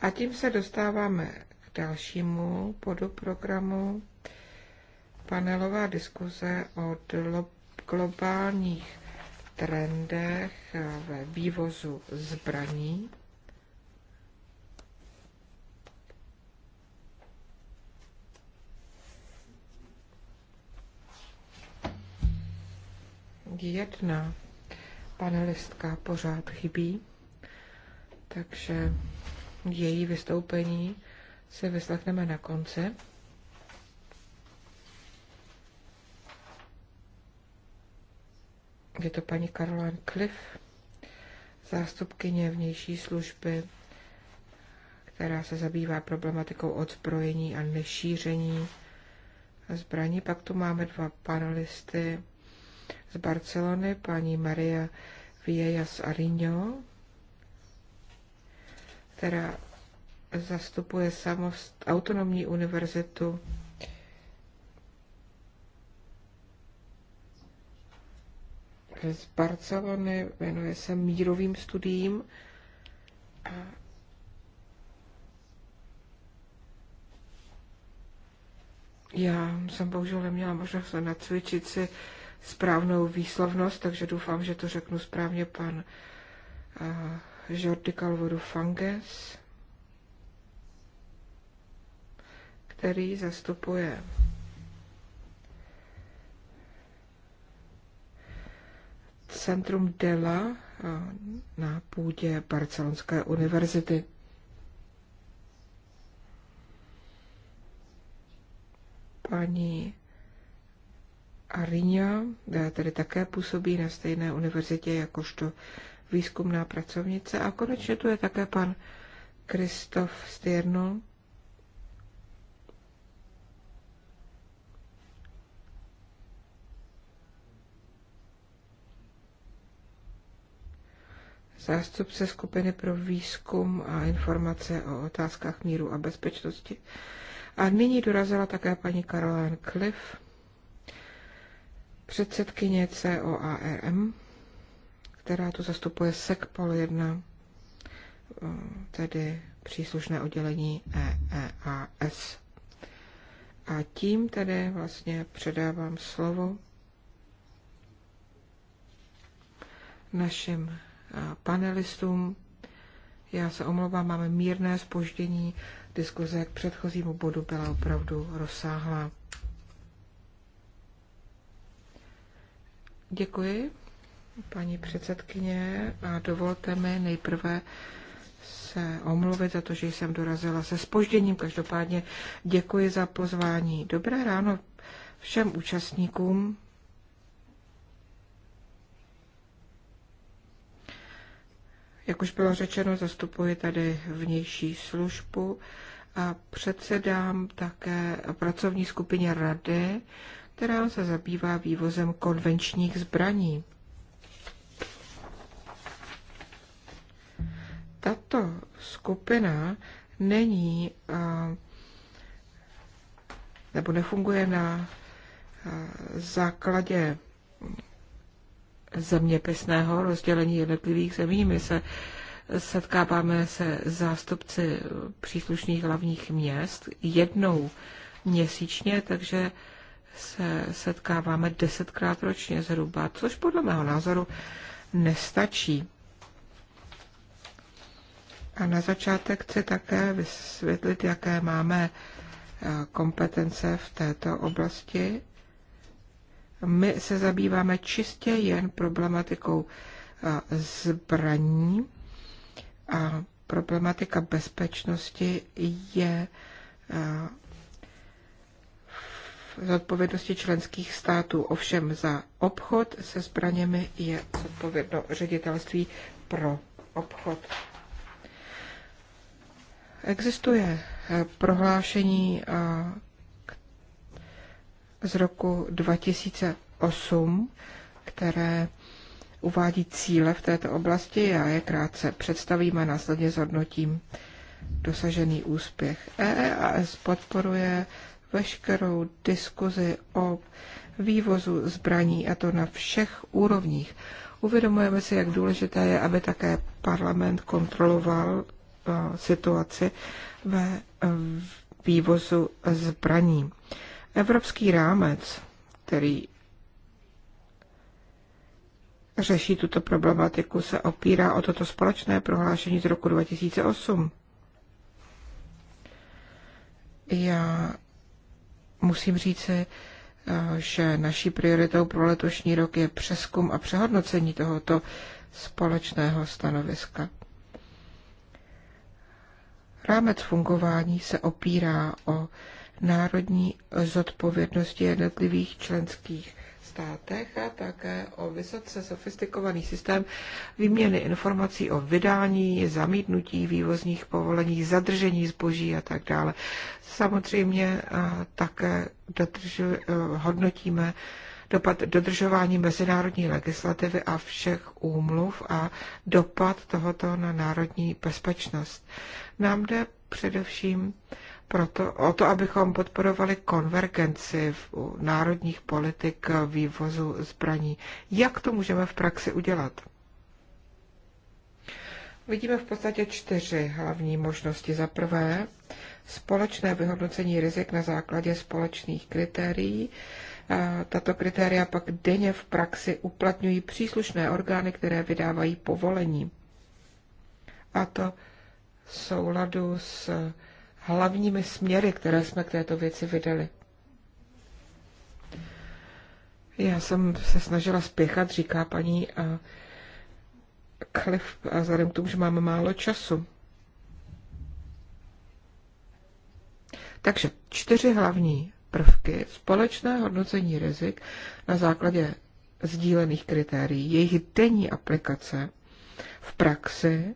A tím se dostáváme k dalšímu podu programu panelová diskuze o globálních trendech ve vývozu zbraní. jedna panelistka pořád chybí, takže její vystoupení si vyslechneme na konci. Je to paní Caroline Cliff, zástupkyně vnější služby, která se zabývá problematikou odzbrojení a nešíření zbraní. Pak tu máme dva panelisty, z Barcelony, paní Maria Viejas Arino, která zastupuje samost, autonomní univerzitu z Barcelony, věnuje se mírovým studiím a já jsem bohužel neměla možnost nacvičit si správnou výslovnost, takže doufám, že to řeknu správně pan eh, Jordi Calvodo Fanges, který zastupuje Centrum Dela eh, na půdě Barcelonské univerzity. Paní Ariňa, tedy také působí na stejné univerzitě jakožto výzkumná pracovnice. A konečně tu je také pan Kristof Stierno, zástupce skupiny pro výzkum a informace o otázkách míru a bezpečnosti. A nyní dorazila také paní Caroline Cliff, předsedkyně COARM, která tu zastupuje SECPOL 1, eh, tedy příslušné oddělení EEAS. A tím tedy vlastně předávám slovo našim eh, panelistům. Já se omlouvám, máme mírné spoždění. Diskuze k předchozímu bodu byla opravdu rozsáhlá. Děkuji, paní předsedkyně, a dovolte mi nejprve se omluvit za to, že jsem dorazila se spožděním. Každopádně děkuji za pozvání. Dobré ráno všem účastníkům. Jak už bylo řečeno, zastupuji tady vnější službu a předsedám také pracovní skupině Rady která se zabývá vývozem konvenčních zbraní. Tato skupina není nebo nefunguje na základě zeměpisného rozdělení jednotlivých zemí. My se setkáváme se zástupci příslušných hlavních měst jednou měsíčně, takže se setkáváme desetkrát ročně zhruba, což podle mého názoru nestačí. A na začátek chci také vysvětlit, jaké máme eh, kompetence v této oblasti. My se zabýváme čistě jen problematikou eh, zbraní a problematika bezpečnosti je eh, v zodpovědnosti členských států. Ovšem za obchod se zbraněmi je zodpovědno ředitelství pro obchod. Existuje eh, prohlášení eh, z roku 2008, které uvádí cíle v této oblasti. Já je krátce představím a následně zhodnotím dosažený úspěch. EEAS podporuje veškerou diskuzi o vývozu zbraní a to na všech úrovních. Uvědomujeme si, jak důležité je, aby také parlament kontroloval eh, situaci ve eh, vývozu zbraní. Evropský rámec, který řeší tuto problematiku, se opírá o toto společné prohlášení z roku 2008. Já musím říci, eh, že naší prioritou pro letošní rok je přeskum a přehodnocení tohoto společného stanoviska. Rámec fungování se opírá o národní zodpovědnosti jednotlivých členských státech a také o vysoce sofistikovaný systém výměny informací o vydání, zamítnutí vývozních povolení, zadržení zboží a tak dále. Samozřejmě také e, hodnotíme dopad dodržování mezinárodní legislativy a všech úmluv a dopad tohoto na národní bezpečnost. Nám jde především proto, o to, abychom podporovali konvergenci v národních politik vývozu zbraní. Jak to můžeme v praxi udělat? Vidíme v podstatě čtyři hlavní možnosti. Za prvé, společné vyhodnocení rizik na základě společných kritérií. Tato kritéria pak denně v praxi uplatňují příslušné orgány, které vydávají povolení. A to souladu s hlavními směry, které jsme k této věci vydali. Já jsem se snažila spěchat, říká paní a Cliff, a vzhledem k tomu, že máme málo času. Takže čtyři hlavní prvky společné hodnocení rizik na základě sdílených kritérií, jejich denní aplikace v praxi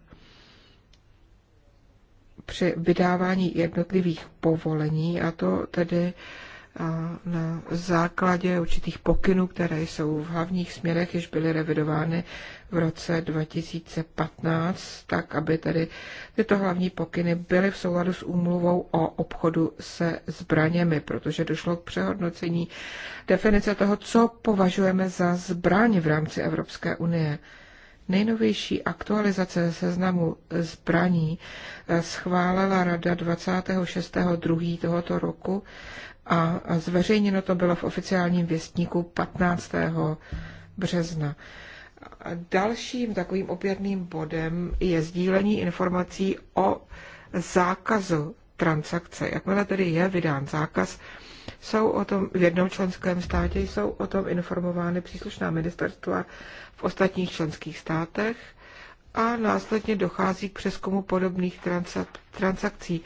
při vydávání jednotlivých povolení, a to tedy na základě určitých pokynů, které jsou v hlavních směrech, již byly revidovány v roce 2015, tak aby tedy tyto hlavní pokyny byly v souladu s úmluvou o obchodu se zbraněmi, protože došlo k přehodnocení definice toho, co považujeme za zbraň v rámci Evropské unie. Nejnovější aktualizace seznamu zbraní eh, schválila Rada 26.2. tohoto roku a zveřejněno to bylo v oficiálním věstníku 15. března. Dalším takovým opěrným bodem je sdílení informací o zákazu transakce. Jakmile tedy je vydán zákaz, jsou o tom v jednom členském státě, jsou o tom informovány příslušná ministerstva v ostatních členských státech a následně dochází k přeskumu podobných transakcí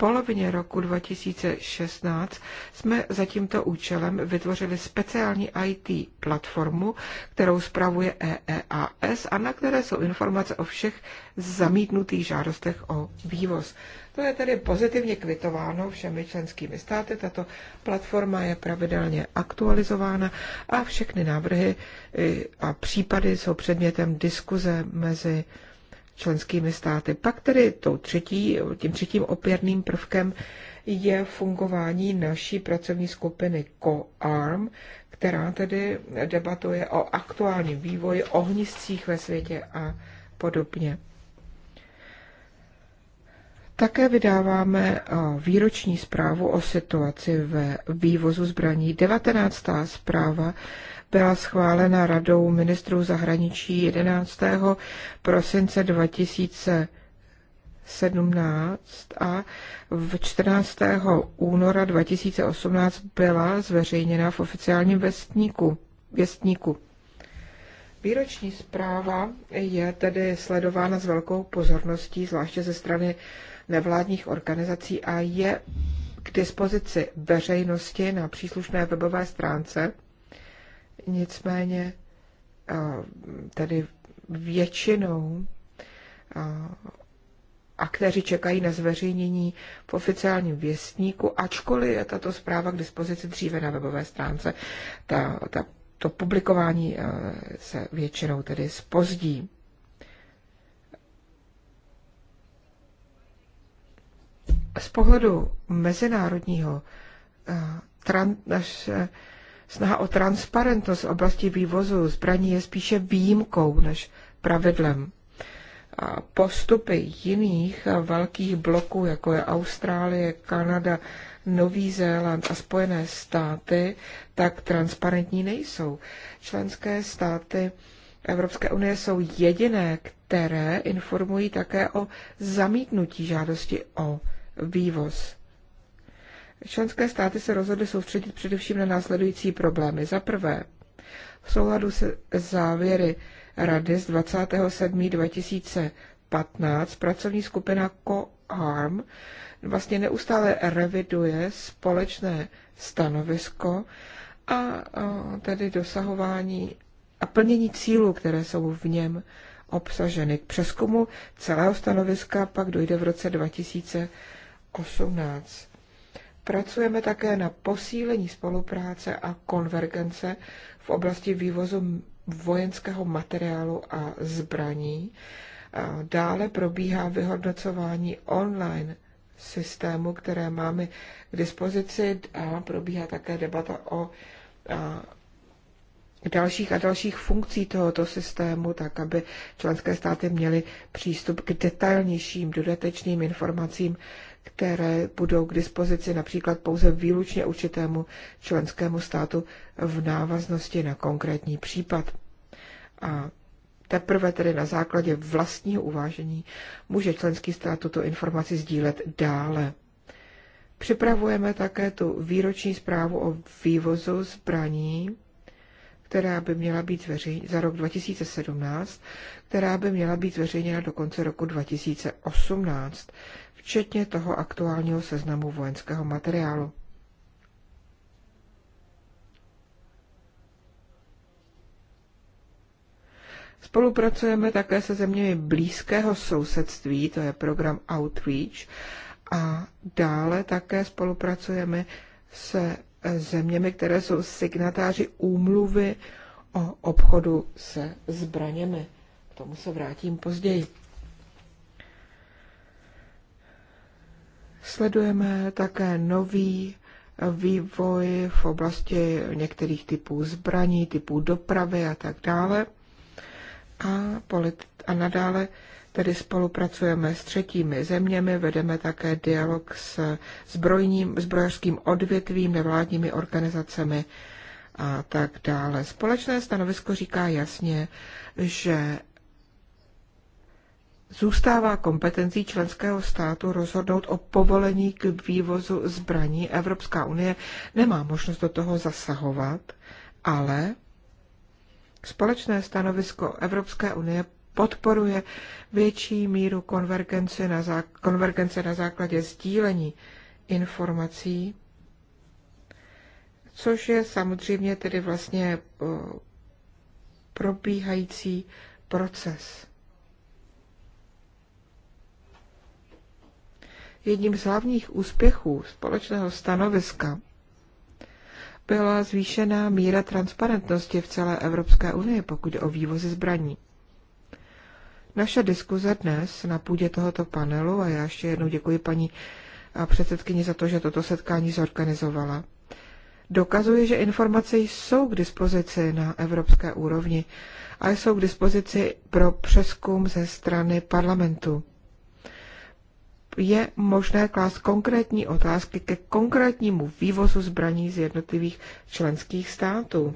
polovině roku 2016 jsme za tímto účelem vytvořili speciální IT platformu, kterou spravuje EEAS a na které jsou informace o všech zamítnutých žádostech o vývoz. To je tedy pozitivně kvitováno všemi členskými státy. Tato platforma je pravidelně aktualizována a všechny návrhy eh, a případy jsou předmětem diskuze mezi členskými státy. Pak tedy tou třetí, tím třetím opěrným prvkem je fungování naší pracovní skupiny COARM, která tedy debatuje o aktuálním vývoji, ohniscích ve světě a podobně. Také vydáváme eh, výroční zprávu o situaci ve vývozu zbraní. 19. zpráva byla schválena Radou ministrů zahraničí 11. prosince 2017 a v 14. února 2018 byla zveřejněna v oficiálním vestníku. věstníku. Výroční zpráva je tedy sledována s velkou pozorností, zvláště ze strany nevládních organizací a je k dispozici veřejnosti na příslušné webové stránce. Nicméně tedy většinou a kteří čekají na zveřejnění v oficiálním věstníku, ačkoliv je tato zpráva k dispozici dříve na webové stránce. Ta, ta, to publikování se většinou tedy spozdí. z pohledu mezinárodního eh, tran, naše eh, snaha o transparentnost v oblasti vývozu zbraní je spíše výjimkou než pravidlem. A postupy jiných velkých bloků, jako je Austrálie, Kanada, Nový Zéland a Spojené státy, tak transparentní nejsou. Členské státy Evropské unie jsou jediné, které informují také o zamítnutí žádosti o vývoz. Členské státy se rozhodly soustředit především na následující problémy. Za prvé, v souladu se závěry Rady z 27. 2015 pracovní skupina COARM vlastně neustále reviduje společné stanovisko a tedy dosahování a plnění cílů, které jsou v něm obsaženy. K přeskumu celého stanoviska pak dojde v roce 2015. 2018. Pracujeme také na posílení spolupráce a konvergence v oblasti vývozu vojenského materiálu a zbraní. Dále probíhá vyhodnocování online systému, které máme k dispozici a probíhá také debata o dalších a dalších funkcí tohoto systému, tak aby členské státy měly přístup k detailnějším dodatečným informacím které budou k dispozici například pouze výlučně určitému členskému státu v návaznosti na konkrétní případ. A teprve tedy na základě vlastního uvážení může členský stát tuto informaci sdílet dále. Připravujeme také tu výroční zprávu o vývozu zbraní, která by měla být zveřejně, za rok 2017, která by měla být zveřejněna do konce roku 2018 včetně toho aktuálního seznamu vojenského materiálu. Spolupracujeme také se zeměmi blízkého sousedství, to je program Outreach, a dále také spolupracujeme se zeměmi, které jsou signatáři úmluvy o obchodu se zbraněmi. K tomu se vrátím později. Sledujeme také nový vývoj v oblasti některých typů zbraní, typů dopravy a tak dále. A, a nadále tedy spolupracujeme s třetími zeměmi, vedeme také dialog s zbrojním, zbrojařským odvětvím, nevládními organizacemi a tak dále. Společné stanovisko říká jasně, že zůstává kompetencí členského státu rozhodnout o povolení k vývozu zbraní. Evropská unie nemá možnost do toho zasahovat, ale společné stanovisko Evropské unie podporuje větší míru konvergence na, zá, konvergence na základě sdílení informací, což je samozřejmě tedy vlastně eh, probíhající proces. Jedním z hlavních úspěchů společného stanoviska byla zvýšená míra transparentnosti v celé Evropské unii, pokud o vývozy zbraní. Naše diskuze dnes na půdě tohoto panelu, a já ještě jednou děkuji paní předsedkyni za to, že toto setkání zorganizovala, dokazuje, že informace jsou k dispozici na evropské úrovni a jsou k dispozici pro přeskum ze strany parlamentu je možné klást konkrétní otázky ke konkrétnímu vývozu zbraní z jednotlivých členských států.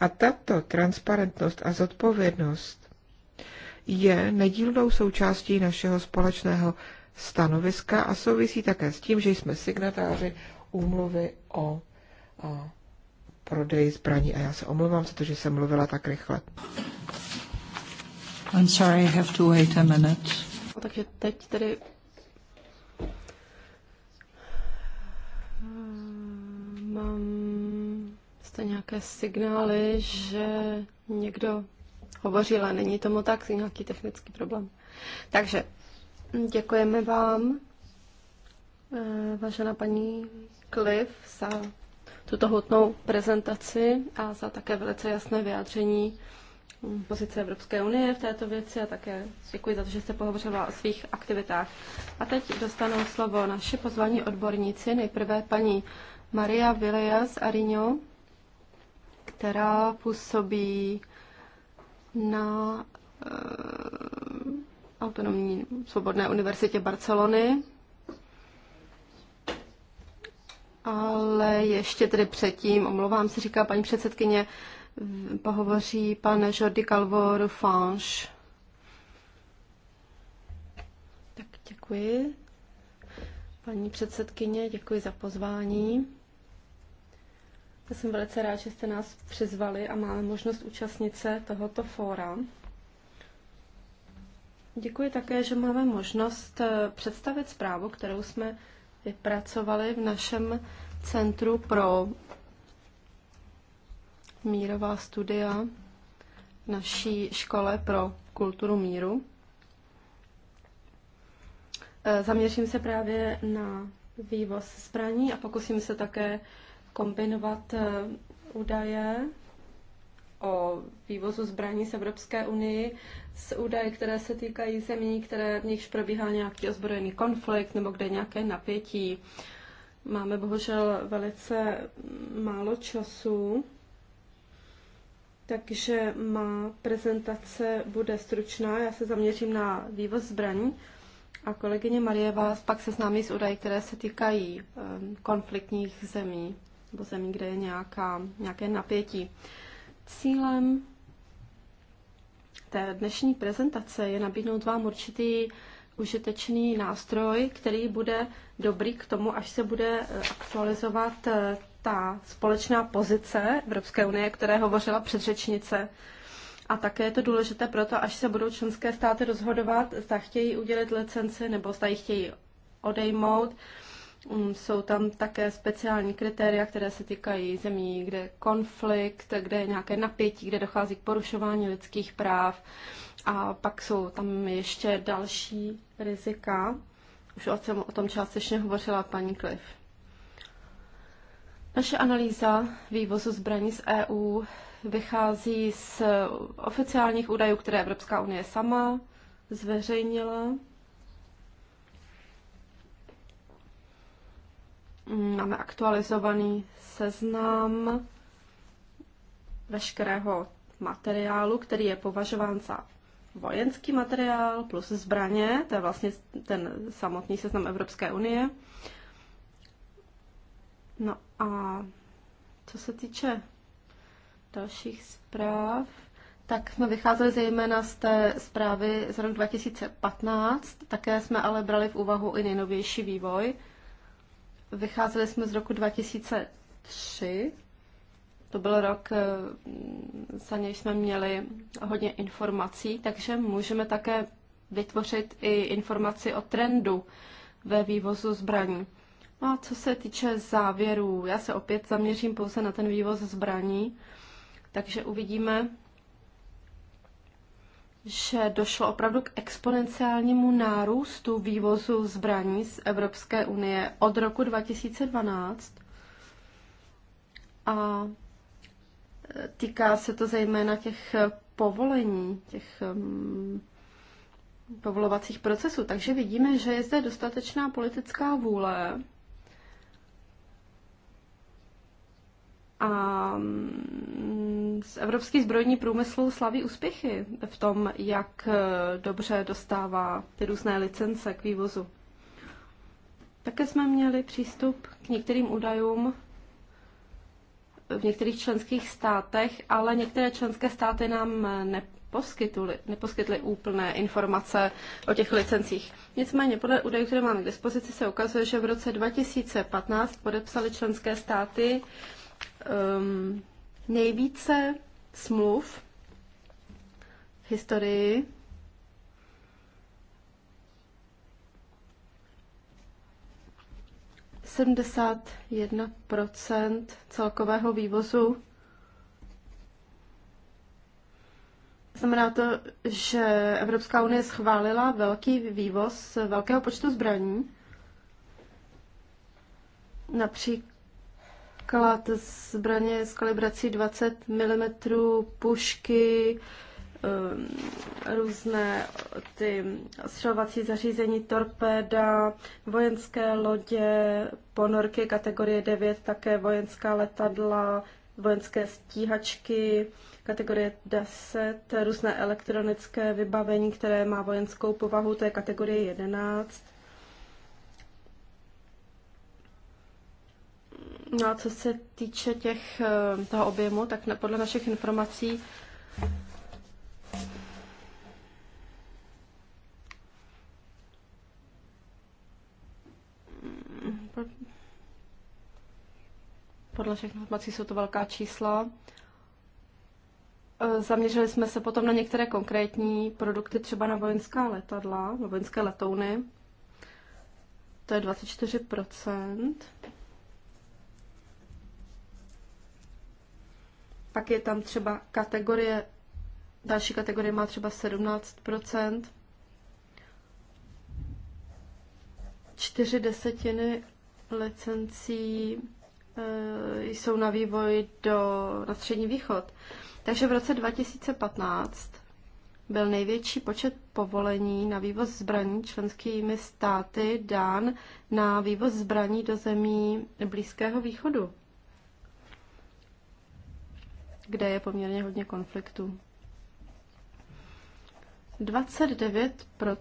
A tato transparentnost a zodpovědnost je nedílnou součástí našeho společného stanoviska a souvisí také s tím, že jsme signatáři úmluvy o, o prodeji zbraní. A já se omlouvám za to, že jsem mluvila tak rychle. I'm sorry, I have to wait a minute. No, takže teď tedy um, jste nějaké signály, že někdo hovoří, ale není tomu tak, nějaký technický problém. Takže děkujeme vám, eh, vážená paní Cliff, za tuto hodnou prezentaci a za také velice jasné vyjádření pozice Evropské unie v této věci a také děkuji za to, že jste pohovořila o svých aktivitách. A teď dostanou slovo naši pozvaní odborníci, nejprve paní Maria Villas Arino, která působí na uh, Autonomní svobodné univerzitě Barcelony, ale ještě tedy předtím, omlouvám se, říká paní předsedkyně, pohovoří pan Jordi Calvo Rufange. Tak děkuji. Paní předsedkyně, děkuji za pozvání. Já jsem velice rád, že jste nás přizvali a máme možnost účastnit se tohoto fóra. Děkuji také, že máme možnost eh, představit zprávu, kterou jsme vypracovali v našem Centru pro mírová studia v naší škole pro kulturu míru. Eh, zaměřím se právě na vývoz zbraní a pokusím se také kombinovat eh, údaje o vývozu zbraní z Evropské unii s údaje, které se týkají zemí, které v nichž probíhá nějaký ozbrojený konflikt nebo kde nějaké napětí. Máme bohužel velice málo času, takže má prezentace bude stručná. Já se zaměřím na vývoz zbraní a kolegyně Marie vás pak seznámí s údaji, které se týkají eh, konfliktních zemí nebo zemí, kde je nějaká, nějaké napětí. Cílem té dnešní prezentace je nabídnout vám určitý užitečný nástroj, který bude dobrý k tomu, až se bude eh, aktualizovat eh, ta společná pozice Evropské unie, které hovořila předřečnice. A také je to důležité proto, až se budou členské státy rozhodovat, zda chtějí udělit licenci nebo zda ji chtějí odejmout. Mm, jsou tam také speciální kritéria, které se týkají zemí, kde je konflikt, kde je nějaké napětí, kde dochází k porušování lidských práv. A pak jsou tam ještě další rizika. Už o tom, o tom částečně hovořila paní Cliff. Naše analýza vývozu zbraní z EU vychází z oficiálních údajů, které Evropská unie sama zveřejnila. Máme aktualizovaný seznam veškerého materiálu, který je považován za vojenský materiál plus zbraně, to je vlastně ten samotný seznam Evropské unie. No a co se týče dalších zpráv, tak jsme vycházeli zejména z té zprávy z roku 2015, také jsme ale brali v úvahu i nejnovější vývoj. Vycházeli jsme z roku 2003. To byl rok, eh, za něj jsme měli hodně informací, takže můžeme také vytvořit i informaci o trendu ve vývozu zbraní. No a co se týče závěrů, já se opět zaměřím pouze na ten vývoz zbraní, takže uvidíme, že došlo opravdu k exponenciálnímu nárůstu vývozu zbraní z Evropské unie od roku 2012. A e, týká se to zejména těch povolení, těch mm, povolovacích procesů. Takže vidíme, že je zde dostatečná politická vůle a mm, Evropský zbrojní průmysl slaví úspěchy v tom, jak eh, dobře dostává ty různé licence k vývozu. Také jsme měli přístup k některým údajům v některých členských státech, ale některé členské státy nám eh, neposkytly, neposkytly úplné informace o těch licencích. Nicméně podle údajů, které máme k dispozici, se ukazuje, že v roce 2015 podepsali členské státy um, nejvíce smluv v historii Sedmdesát jedna procent celkového vývozu. Znamená to, že Evropská unie schválila velký vývoz velkého počtu zbraní. Například například zbraně s kalibrací 20 mm, pušky, um, různé ty střelovací zařízení, torpéda, vojenské lodě, ponorky kategorie 9, také vojenská letadla, vojenské stíhačky, kategorie 10, různé elektronické vybavení, které má vojenskou povahu, to je kategorie 11 No a co se týče těch, eh, toho objemu, tak podle našich informací podle všech informací jsou to velká čísla. Eh, zaměřili jsme se potom na některé konkrétní produkty, třeba na vojenská letadla, na vojenské letouny. To je 24 Pak je tam třeba kategorie, další kategorie má třeba 17 Čtyři desetiny licencí eh, jsou na vývoj do, na střední východ. Takže v roce 2015 byl největší počet povolení na vývoz zbraní členskými státy dán na vývoz zbraní do zemí Blízkého východu kde je poměrně hodně konfliktů. 29 eh,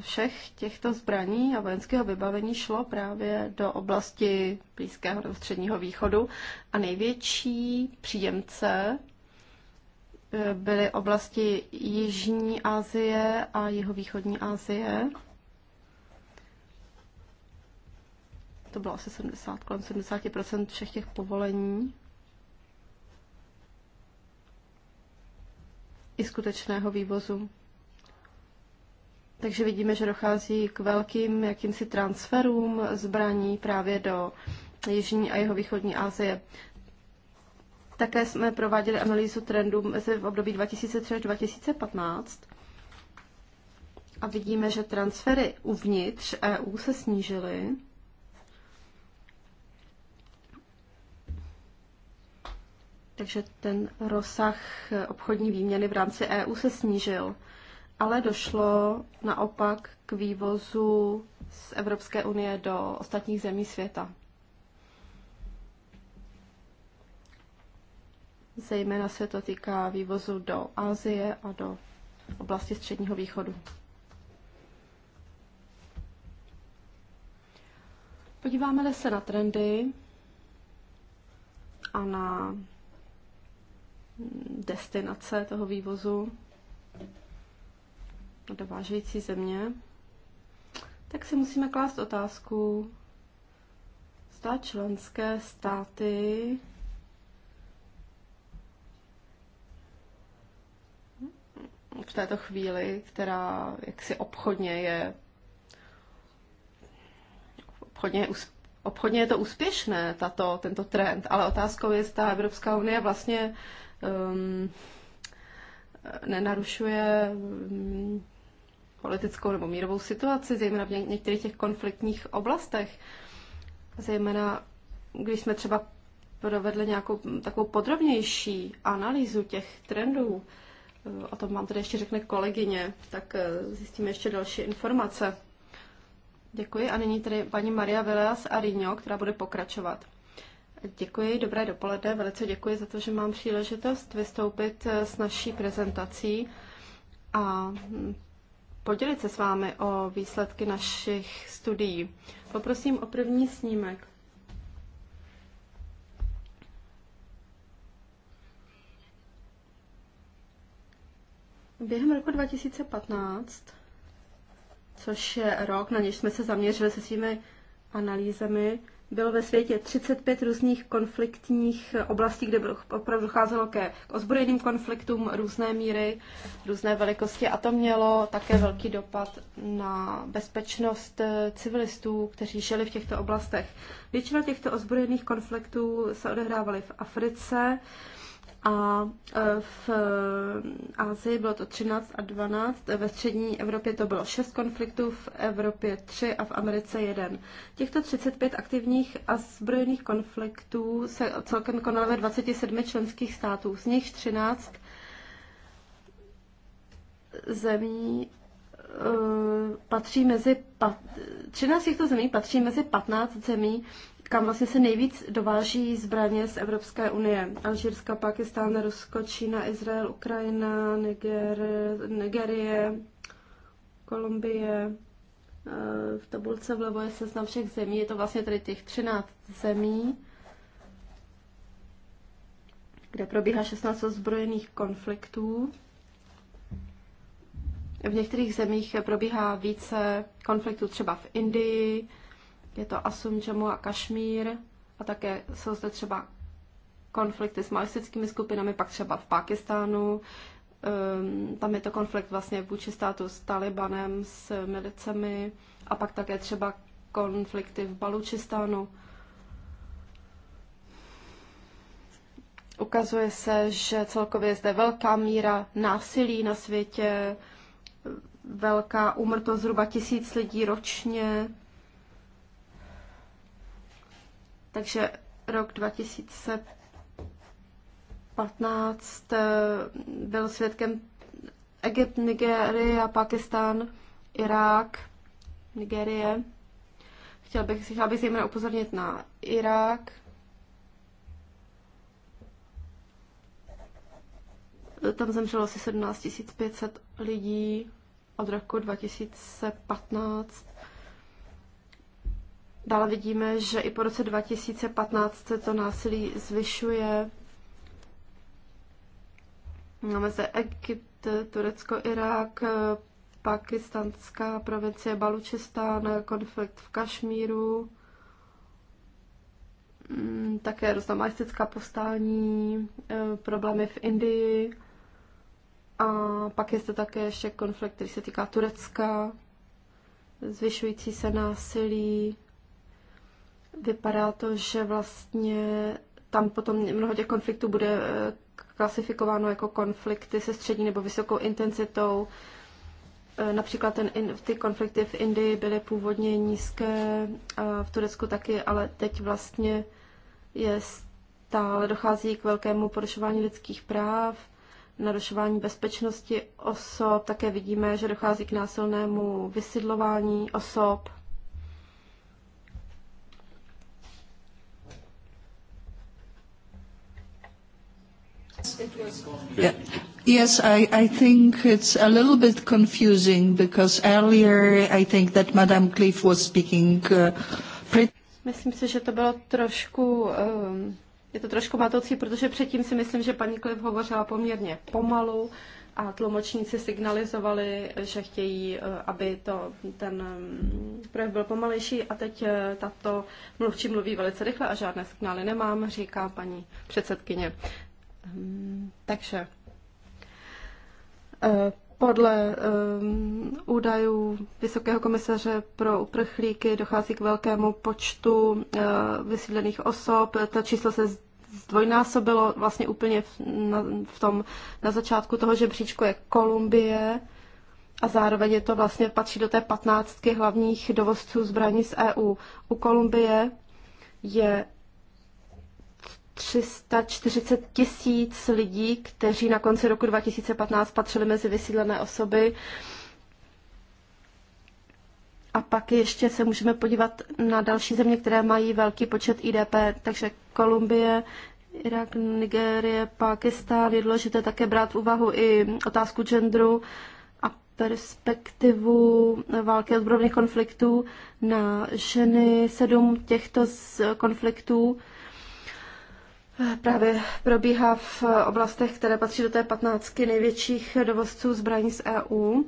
všech těchto zbraní a vojenského vybavení šlo právě do oblasti Blízkého nebo Středního východu a největší příjemce eh, byly oblasti Jižní Asie a Jihovýchodní Asie. to bylo asi 70, kolem 70% všech těch povolení i skutečného vývozu. Takže vidíme, že dochází k velkým jakýmsi transferům zbraní právě do Jižní a jeho východní Asie. Také jsme prováděli analýzu trendů mezi v období 2003 až 2015 a vidíme, že transfery uvnitř EU se snížily takže ten rozsah obchodní výměny v rámci EU se snížil. Ale došlo naopak k vývozu z Evropské unie do ostatních zemí světa. Zejména se to týká vývozu do Asie a do oblasti Středního východu. podíváme se na trendy a na destinace toho vývozu, dovážející země, tak si musíme klást otázku, zda členské státy v této chvíli, která jaksi obchodně je obchodně je, obchodně je to úspěšné, tato, tento trend, ale otázkou je, zda Evropská unie vlastně um, ehm, nenarušuje um, mm, politickou nebo mírovou situaci, zejména v některých těch konfliktních oblastech. Zejména, když jsme třeba provedli nějakou takovou podrobnější analýzu těch trendů, eh, o tom vám tady ještě řekne kolegyně, tak eh, zjistíme ještě další informace. Děkuji a nyní tedy paní Maria Vileas Arino, která bude pokračovat. Děkuji, dobré dopoledne, velice děkuji za to, že mám příležitost vystoupit eh, s naší prezentací a hm, podělit se s vámi o výsledky našich studií. Poprosím o první snímek. Během roku 2015, což je rok, na něž jsme se zaměřili se svými analýzami, bylo ve světě 35 různých konfliktních oblastí, kde opravdu docházelo ke ozbrojeným konfliktům různé míry, různé velikosti a to mělo také velký dopad na bezpečnost eh, civilistů, kteří žili v těchto oblastech. Většina těchto ozbrojených konfliktů se odehrávaly v Africe, a e, v e, Asii bylo to 13 a 12, ve střední Evropě to bylo 6 konfliktů, v Evropě 3 a v Americe 1. Těchto 35 aktivních a zbrojených konfliktů se celkem konalo ve 27 členských států, z nich 13 zemí e, patří mezi, pat, 13 těchto zemí patří mezi 15 zemí, kam vlastně se nejvíc dováží zbraně z Evropské unie. Alžírska, Pakistán, Rusko, Čína, Izrael, Ukrajina, Niger, Nigerie, Kolumbie. Eh, v tabulce vlevo je seznam všech zemí, je to vlastně tady těch 13 zemí, kde probíhá 16 ozbrojených konfliktů. V některých zemích probíhá více konfliktů, třeba v Indii, je to Asum, Jammu a Kašmír a také jsou zde třeba konflikty s marxistickými skupinami, pak třeba v Pákistánu. Ehm, tam je to konflikt vlastně vůči státu s Talibanem, s milicemi a pak také třeba konflikty v Balučistánu. Ukazuje se, že celkově je zde velká míra násilí na světě, velká úmrtnost zhruba tisíc lidí ročně Takže rok 2015 eh, byl svědkem Egypt, Nigérie, Pakistan, Irák, Nigérie. Chtěl bych, chtěla bych zejména upozornit na Irák. Tam zemřelo asi 17 500 lidí od roku 2015. Dále vidíme, že i po roce 2015 se to násilí zvyšuje. Máme se Egypt, Turecko, Irák, pakistanská provincie Balučistán, konflikt v Kašmíru, mm, také různá majistická eh, problémy v Indii a pak je zde také ještě konflikt, který se týká Turecka, zvyšující se násilí, Vypadá to, že vlastně tam potom mnoho těch konfliktů bude eh, klasifikováno jako konflikty se střední nebo vysokou intenzitou. Eh, například ten, ty konflikty v Indii byly původně nízké, v Turecku taky, ale teď vlastně je stále dochází k velkému porušování lidských práv, narušování bezpečnosti osob, také vidíme, že dochází k násilnému vysidlování osob. Yes, I, I think it's a little bit confusing because earlier I think that Madame Cliff was speaking uh, pretty... Myslím si, že to bylo trošku, um, je to trošku matoucí, protože předtím si myslím, že paní Cliff hovořila poměrně pomalu a tlumočníci signalizovali, že chtějí, uh, aby to, ten um, projev byl pomalejší a teď uh, tato mluvčí mluví velice rychle a žádné signály nemám, říká paní předsedkyně. Ehm, takže eh, podle ehm, údajů Vysokého komisaře pro uprchlíky dochází k velkému počtu eh, vysídlených osob. Ta číslo se zdvojnásobilo vlastně úplně v, na, v tom na začátku toho žebříčku je Kolumbie a zároveň je to vlastně patří do té patnáctky hlavních dovozců zbraní z EU. U Kolumbie je 340 tisíc lidí, kteří na konci roku 2015 patřili mezi vysídlené osoby. A pak ještě se můžeme podívat na další země, které mají velký počet IDP, takže Kolumbie, Irak, Nigérie, Pakistán. Je důležité také brát v úvahu i otázku genderu a perspektivu války odborových konfliktů na ženy. Sedm těchto z konfliktů právě probíhá v oblastech, které patří do té patnáctky největších dovozců zbraní z EU.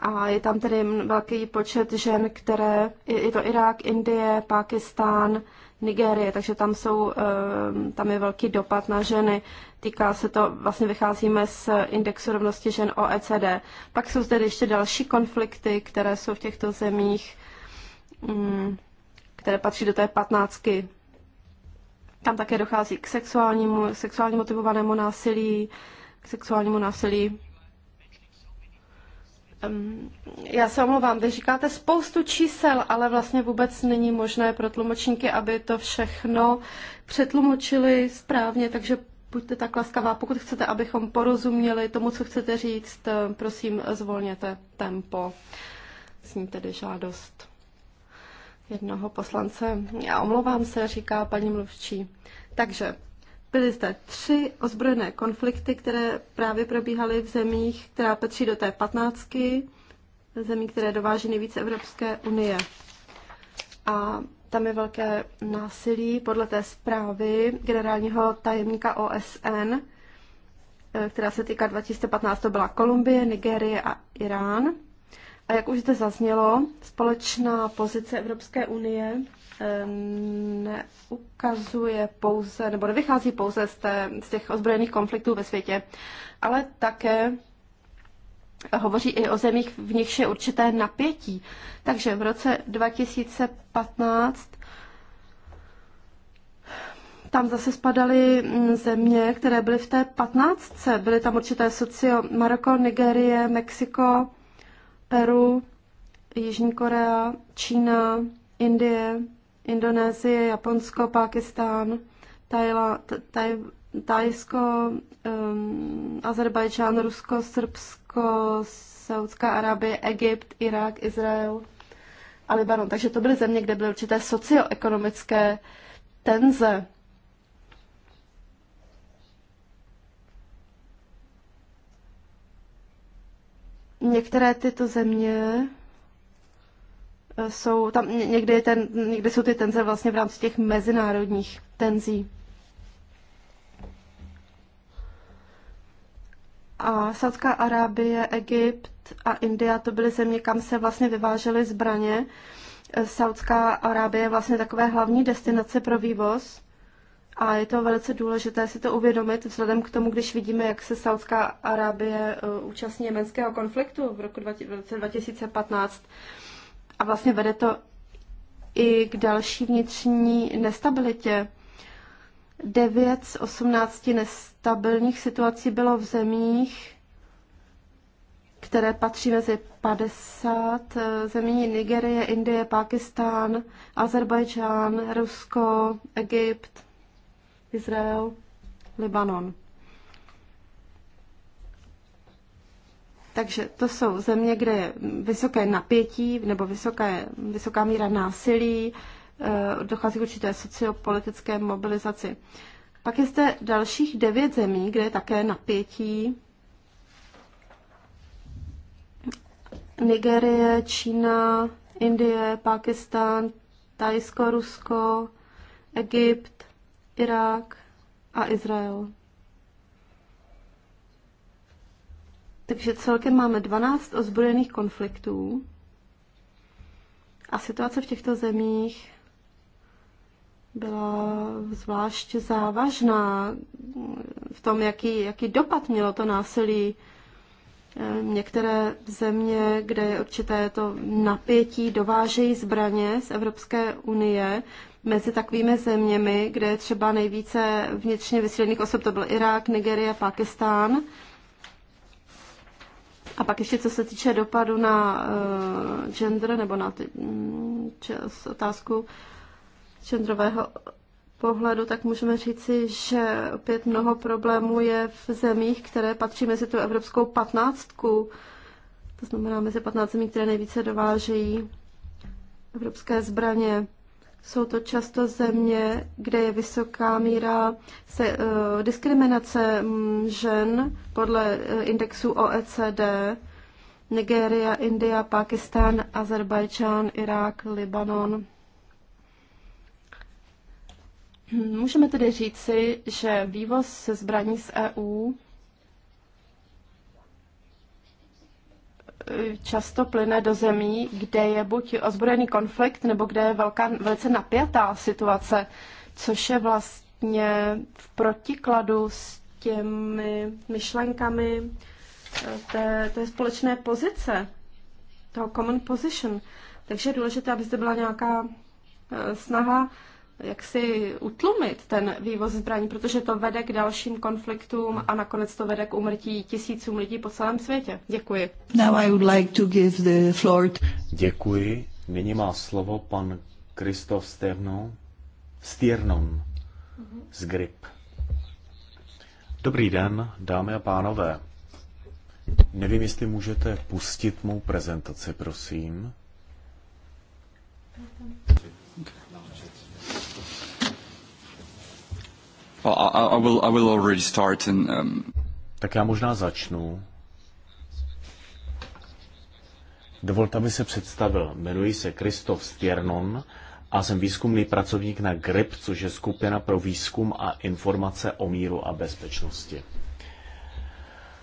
A je tam tedy velký počet žen, které, je to Irák, Indie, Pákistán, Nigérie, takže tam, jsou, ehm, tam je velký dopad na ženy. Týká se to, vlastně vycházíme z indexu rovnosti žen OECD. Pak jsou zde ještě další konflikty, které jsou v těchto zemích, mm, které patří do té patnáctky tam také dochází k sexuálnímu, sexuálně motivovanému násilí, k sexuálnímu násilí. Já se omlouvám, vy říkáte spoustu čísel, ale vlastně vůbec není možné pro tlumočníky, aby to všechno přetlumočili správně, takže buďte tak laskavá. Pokud chcete, abychom porozuměli tomu, co chcete říct, prosím, zvolněte tempo. Sní tedy žádost jednoho poslance. Já omlouvám se, říká paní mluvčí. Takže byly zde tři ozbrojené konflikty, které právě probíhaly v zemích, která patří do té patnáctky, zemí, které dováží nejvíce Evropské unie. A tam je velké násilí podle té zprávy generálního tajemníka OSN, eh, která se týká 2015, to byla Kolumbie, Nigérie a Irán. A jak už zde zaznělo, společná pozice Evropské unie neukazuje pouze, nebo nevychází pouze z, té, z těch ozbrojených konfliktů ve světě, ale také hovoří i o zemích, v nichž je určité napětí. Takže v roce 2015 tam zase spadaly mm, země, které byly v té 15. Byly tam určité socio Maroko, Nigérie, Mexiko, Peru, Jižní Korea, Čína, Indie, Indonésie, Japonsko, Pákistán, Tajsko, um, Azerbajdžán, Rusko, Srbsko, Saudská Arábie, Egypt, Irák, Izrael a Libanon. Takže to byly země, kde byly určité socioekonomické tenze. Některé tyto země eh, jsou tam, někdy, ten, někdy jsou ty tenze vlastně v rámci těch mezinárodních tenzí. A Saudská Arábie, Egypt a India to byly země, kam se vlastně vyvážely zbraně. Eh, Saudská Arábie je vlastně takové hlavní destinace pro vývoz. A je to velice důležité si to uvědomit vzhledem k tomu, když vidíme, jak se Saudská Arábie e, účastní jemenského konfliktu v roku 2015. A vlastně vede to i k další vnitřní nestabilitě. 9 z 18 nestabilních situací bylo v zemích, které patří mezi 50 e, zemí Nigerie, Indie, Pákistán, Azerbajdžán, Rusko, Egypt, Izrael, Libanon. Takže to jsou země, kde je vysoké napětí nebo vysoké, vysoká míra násilí, eh, dochází k určité sociopolitické mobilizaci. Pak je zde dalších devět zemí, kde je také napětí. Nigerie, Čína, Indie, Pakistan, Tajsko, Rusko, Egypt, Irák a Izrael. Takže celkem máme 12 ozbrojených konfliktů a situace v těchto zemích byla zvlášť závažná v tom, jaký, jaký dopad mělo to násilí. Eh, některé země, kde je určité to napětí, dovážejí zbraně z Evropské unie mezi takovými zeměmi, kde je třeba nejvíce vnitřně vysílených osob, to byl Irák, Nigerie, Pakistán. A pak ještě co se týče dopadu na uh, gender nebo na ty, mm, čas, otázku genderového pohledu, tak můžeme říci, že opět mnoho problémů je v zemích, které patří mezi tu evropskou patnáctku, to znamená mezi patnáct zemí, které nejvíce dovážejí evropské zbraně. Jsou to často země, kde je vysoká míra se, uh, diskriminace mm, žen podle eh, indexu OECD. Nigeria, India, Pakistan, Azerbajdžán, Irák, Libanon. Hm, můžeme tedy říci, že vývoz zbraní z EU často plyne do zemí, kde je buď ozbrojený konflikt, nebo kde je velká, velice napjatá situace, což je vlastně v protikladu s těmi myšlenkami eh, té, té společné pozice, toho common position. Takže je důležité, aby zde byla nějaká eh, snaha jak si utlumit ten vývoz zbraní, protože to vede k dalším konfliktům a nakonec to vede k umrtí tisícům lidí po celém světě. Děkuji. Now I would like to give the floor to... Děkuji. Nyní má slovo pan Kristof Stevnou, Stiernon z GRIP. Dobrý den, dámy a pánové. Nevím, jestli můžete pustit mou prezentaci, prosím. Um, tak já možná začnu. Dovolte, aby se představil. Jmenuji se Kristof Stiernon a jsem výzkumný pracovník na GRIP, což je skupina pro výzkum a informace o míru a bezpečnosti.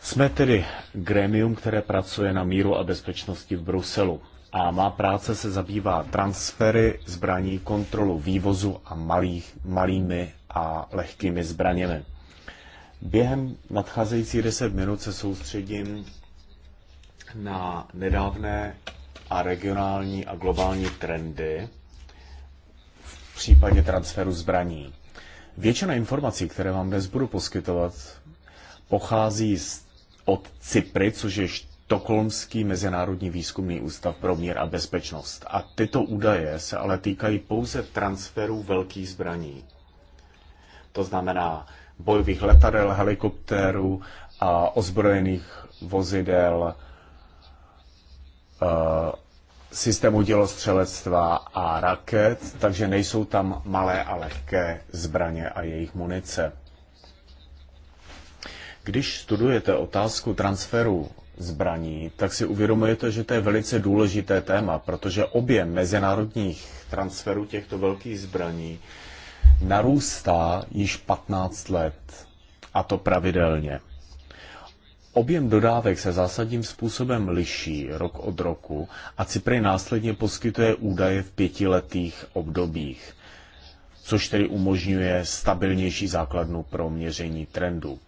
Jsme tedy gremium, které pracuje na míru a bezpečnosti v Bruselu a má práce se zabývá transfery zbraní, kontrolu vývozu a malých, malými a lehkými zbraněmi. Během nadcházející 10 minut se soustředím na nedávné a regionální a globální trendy v případě transferu zbraní. Většina informací, které vám dnes budu poskytovat, pochází z, od Cypry, což je Stokholmský mezinárodní výzkumný ústav pro mír a bezpečnost. A tyto údaje se ale týkají pouze transferu velkých zbraní to znamená bojových letadel, helikoptérů a ozbrojených vozidel, eh, systému dělostřelectva a raket, takže nejsou tam malé a lehké zbraně a jejich munice. Když studujete otázku transferu zbraní, tak si uvědomujete, že to je velice důležité téma, protože objem mezinárodních transferů těchto velkých zbraní narůstá již 15 let, a to pravidelně. Objem dodávek se zásadním způsobem liší rok od roku a Cypry následně poskytuje údaje v pětiletých obdobích, což tedy umožňuje stabilnější základnu pro měření trendu.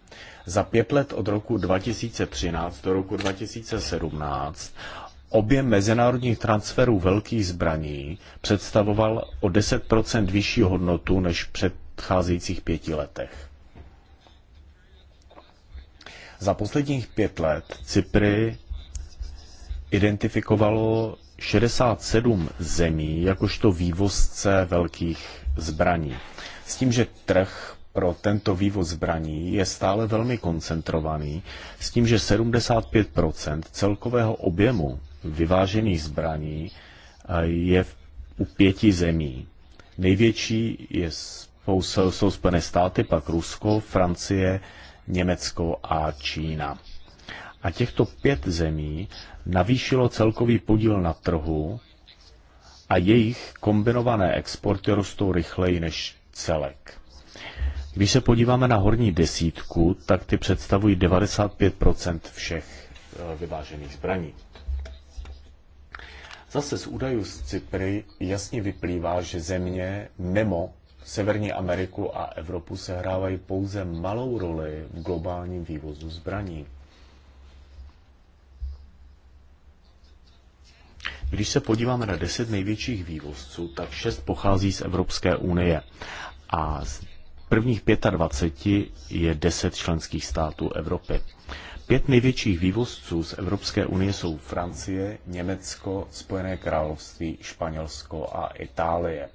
Za pět let od roku 2013 do roku 2017 objem mezinárodních transferů velkých zbraní představoval o 10% vyšší hodnotu než v předcházejících pěti letech. Za posledních pět let Cypry identifikovalo 67 zemí jakožto vývozce velkých zbraní. S tím, že trh pro tento vývoz zbraní je stále velmi koncentrovaný, s tím, že 75 celkového objemu vyvážených zbraní je u pěti zemí. Největší je, jsou, jsou Spojené státy, pak Rusko, Francie, Německo a Čína. A těchto pět zemí navýšilo celkový podíl na trhu a jejich kombinované exporty rostou rychleji než celek. Když se podíváme na horní desítku, tak ty představují 95 všech e, vyvážených zbraní. Zase z údajů z Cypry jasně vyplývá, že země mimo Severní Ameriku a Evropu sehrávají pouze malou roli v globálním vývozu zbraní. Když se podíváme na 10 největších vývozců, tak 6 pochází z Evropské unie a z prvních 25 je 10 členských států Evropy. Pět největších vývozců z Evropské unie jsou Francie, Německo, Spojené království, Španělsko a Itálie.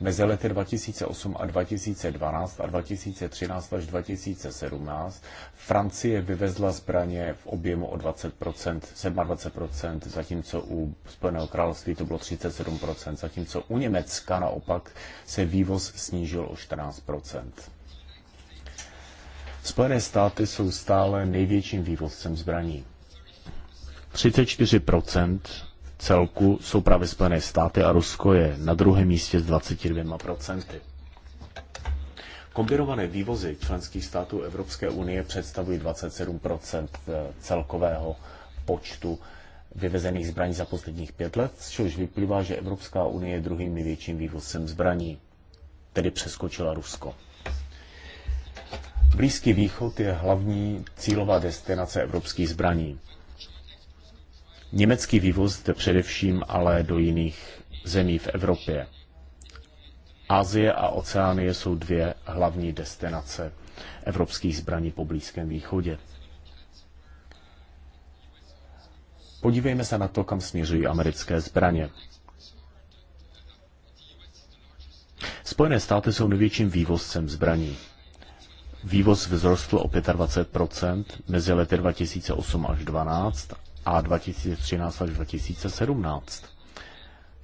Mezi lety 2008 a 2012 a 2013 až 2017 Francie vyvezla zbraně v objemu o 20%, 27%, zatímco u Spojeného království to bylo 37%, zatímco u Německa naopak se vývoz snížil o 14%. Spojené státy jsou stále největším vývozcem zbraní. 34 celku jsou právě Spojené státy a Rusko je na druhém místě s 22%. Kombinované vývozy členských států Evropské unie představují 27% eh, celkového počtu vyvezených zbraní za posledních pět let, z čehož vyplývá, že Evropská unie je druhým největším vývozcem zbraní, tedy přeskočila Rusko. Blízký východ je hlavní cílová destinace evropských zbraní. Německý vývoz jde především ale do jiných zemí v Evropě. Asie a Oceánie jsou dvě hlavní destinace evropských zbraní po Blízkém východě. Podívejme se na to, kam směřují americké zbraně. Spojené státy jsou největším vývozcem zbraní. Vývoz vzrostl o 25% mezi lety 2008 až 2012 a 2013 až 2017,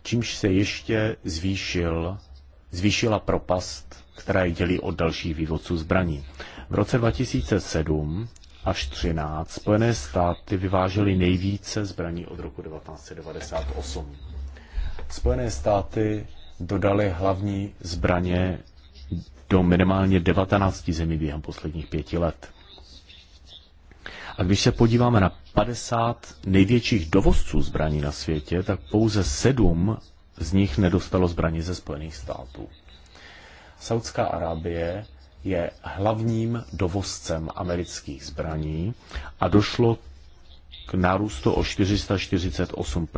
čímž se ještě zvýšil, zvýšila propast, která je dělí od dalších vývozců zbraní. V roce 2007 až 13 Spojené státy vyvážely nejvíce zbraní od roku 1998. Spojené státy dodali hlavní zbraně do minimálně 19 zemí během posledních pěti let. A když se podíváme na 50 největších dovozců zbraní na světě, tak pouze 7 z nich nedostalo zbraní ze Spojených států. Saudská Arábie je hlavním dovozcem amerických zbraní a došlo k nárůstu o 448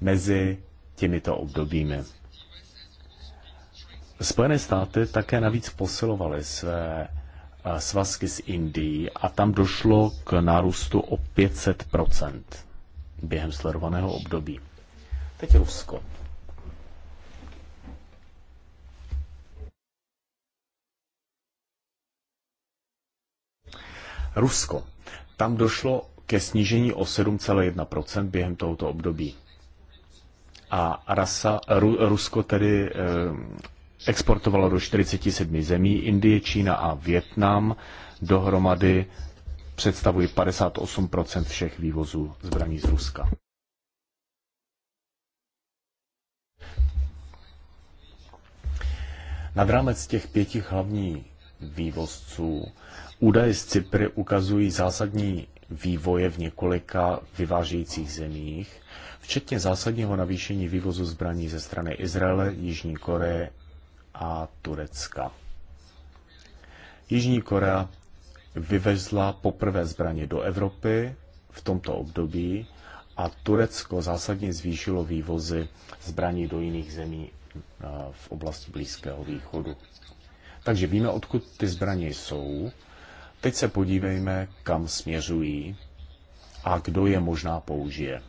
mezi těmito obdobími. Spojené státy také navíc posilovaly své eh, svazky z Indií a tam došlo k nárůstu o 500 během sledovaného období. Teď Rusko. Rusko. Tam došlo ke snížení o 7,1 během tohoto období. A rasa, Ru, Rusko tedy eh, exportovalo do 47 zemí. Indie, Čína a Větnam dohromady představují 58 všech vývozů zbraní z Ruska. Nad rámec těch pěti hlavních vývozců údaje z Cypry ukazují zásadní vývoje v několika vyvážejících zemích, včetně zásadního navýšení vývozu zbraní ze strany Izraele, Jižní Koreje, a Turecka. Jižní Korea vyvezla poprvé zbraně do Evropy v tomto období a Turecko zásadně zvýšilo vývozy zbraní do jiných zemí eh, v oblasti Blízkého východu. Takže víme, odkud ty zbraně jsou. Teď se podívejme, kam směřují a kdo je možná použije.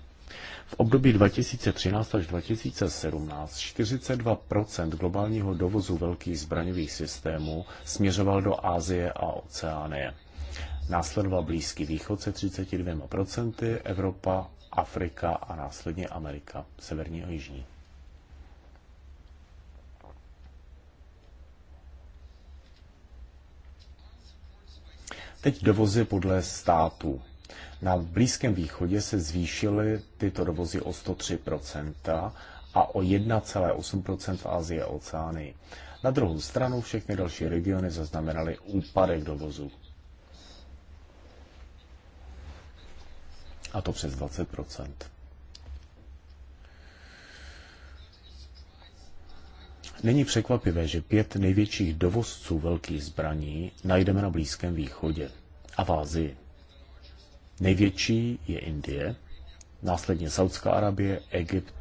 V období 2013 až 2017 42 globálního dovozu velkých zbraňových systémů směřoval do Asie a Oceánie. Následoval Blízký východ se 32%, Evropa, Afrika a následně Amerika, severní a jižní. Teď dovozy podle států. Na Blízkém východě se zvýšily tyto dovozy o 103% a o 1,8% v Asii a oceány. Na druhou stranu všechny další regiony zaznamenaly úpadek dovozu. A to přes 20 Není překvapivé, že pět největších dovozců velkých zbraní najdeme na Blízkém východě a v Ázii. Největší je Indie, následně Saudská Arabie, Egypt,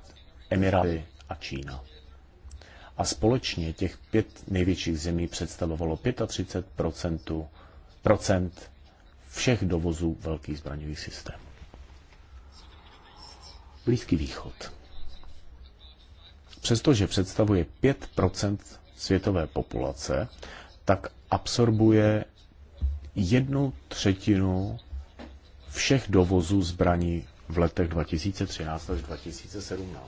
Emiráty a Čína. A společně těch pět největších zemí představovalo 35 procent všech dovozů velkých zbraňových systémů. Blízký východ. Přestože představuje 5 světové populace, tak absorbuje jednu třetinu všech dovozů zbraní v letech 2013 až 2017.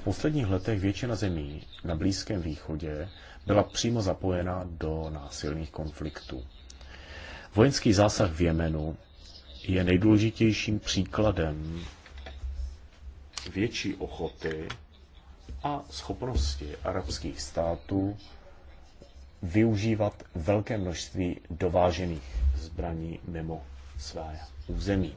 V posledních letech většina zemí na Blízkém východě byla přímo zapojena do násilných konfliktů. Vojenský zásah v Jemenu je nejdůležitějším příkladem větší ochoty a schopnosti arabských států využívat velké množství dovážených zbraní mimo své území.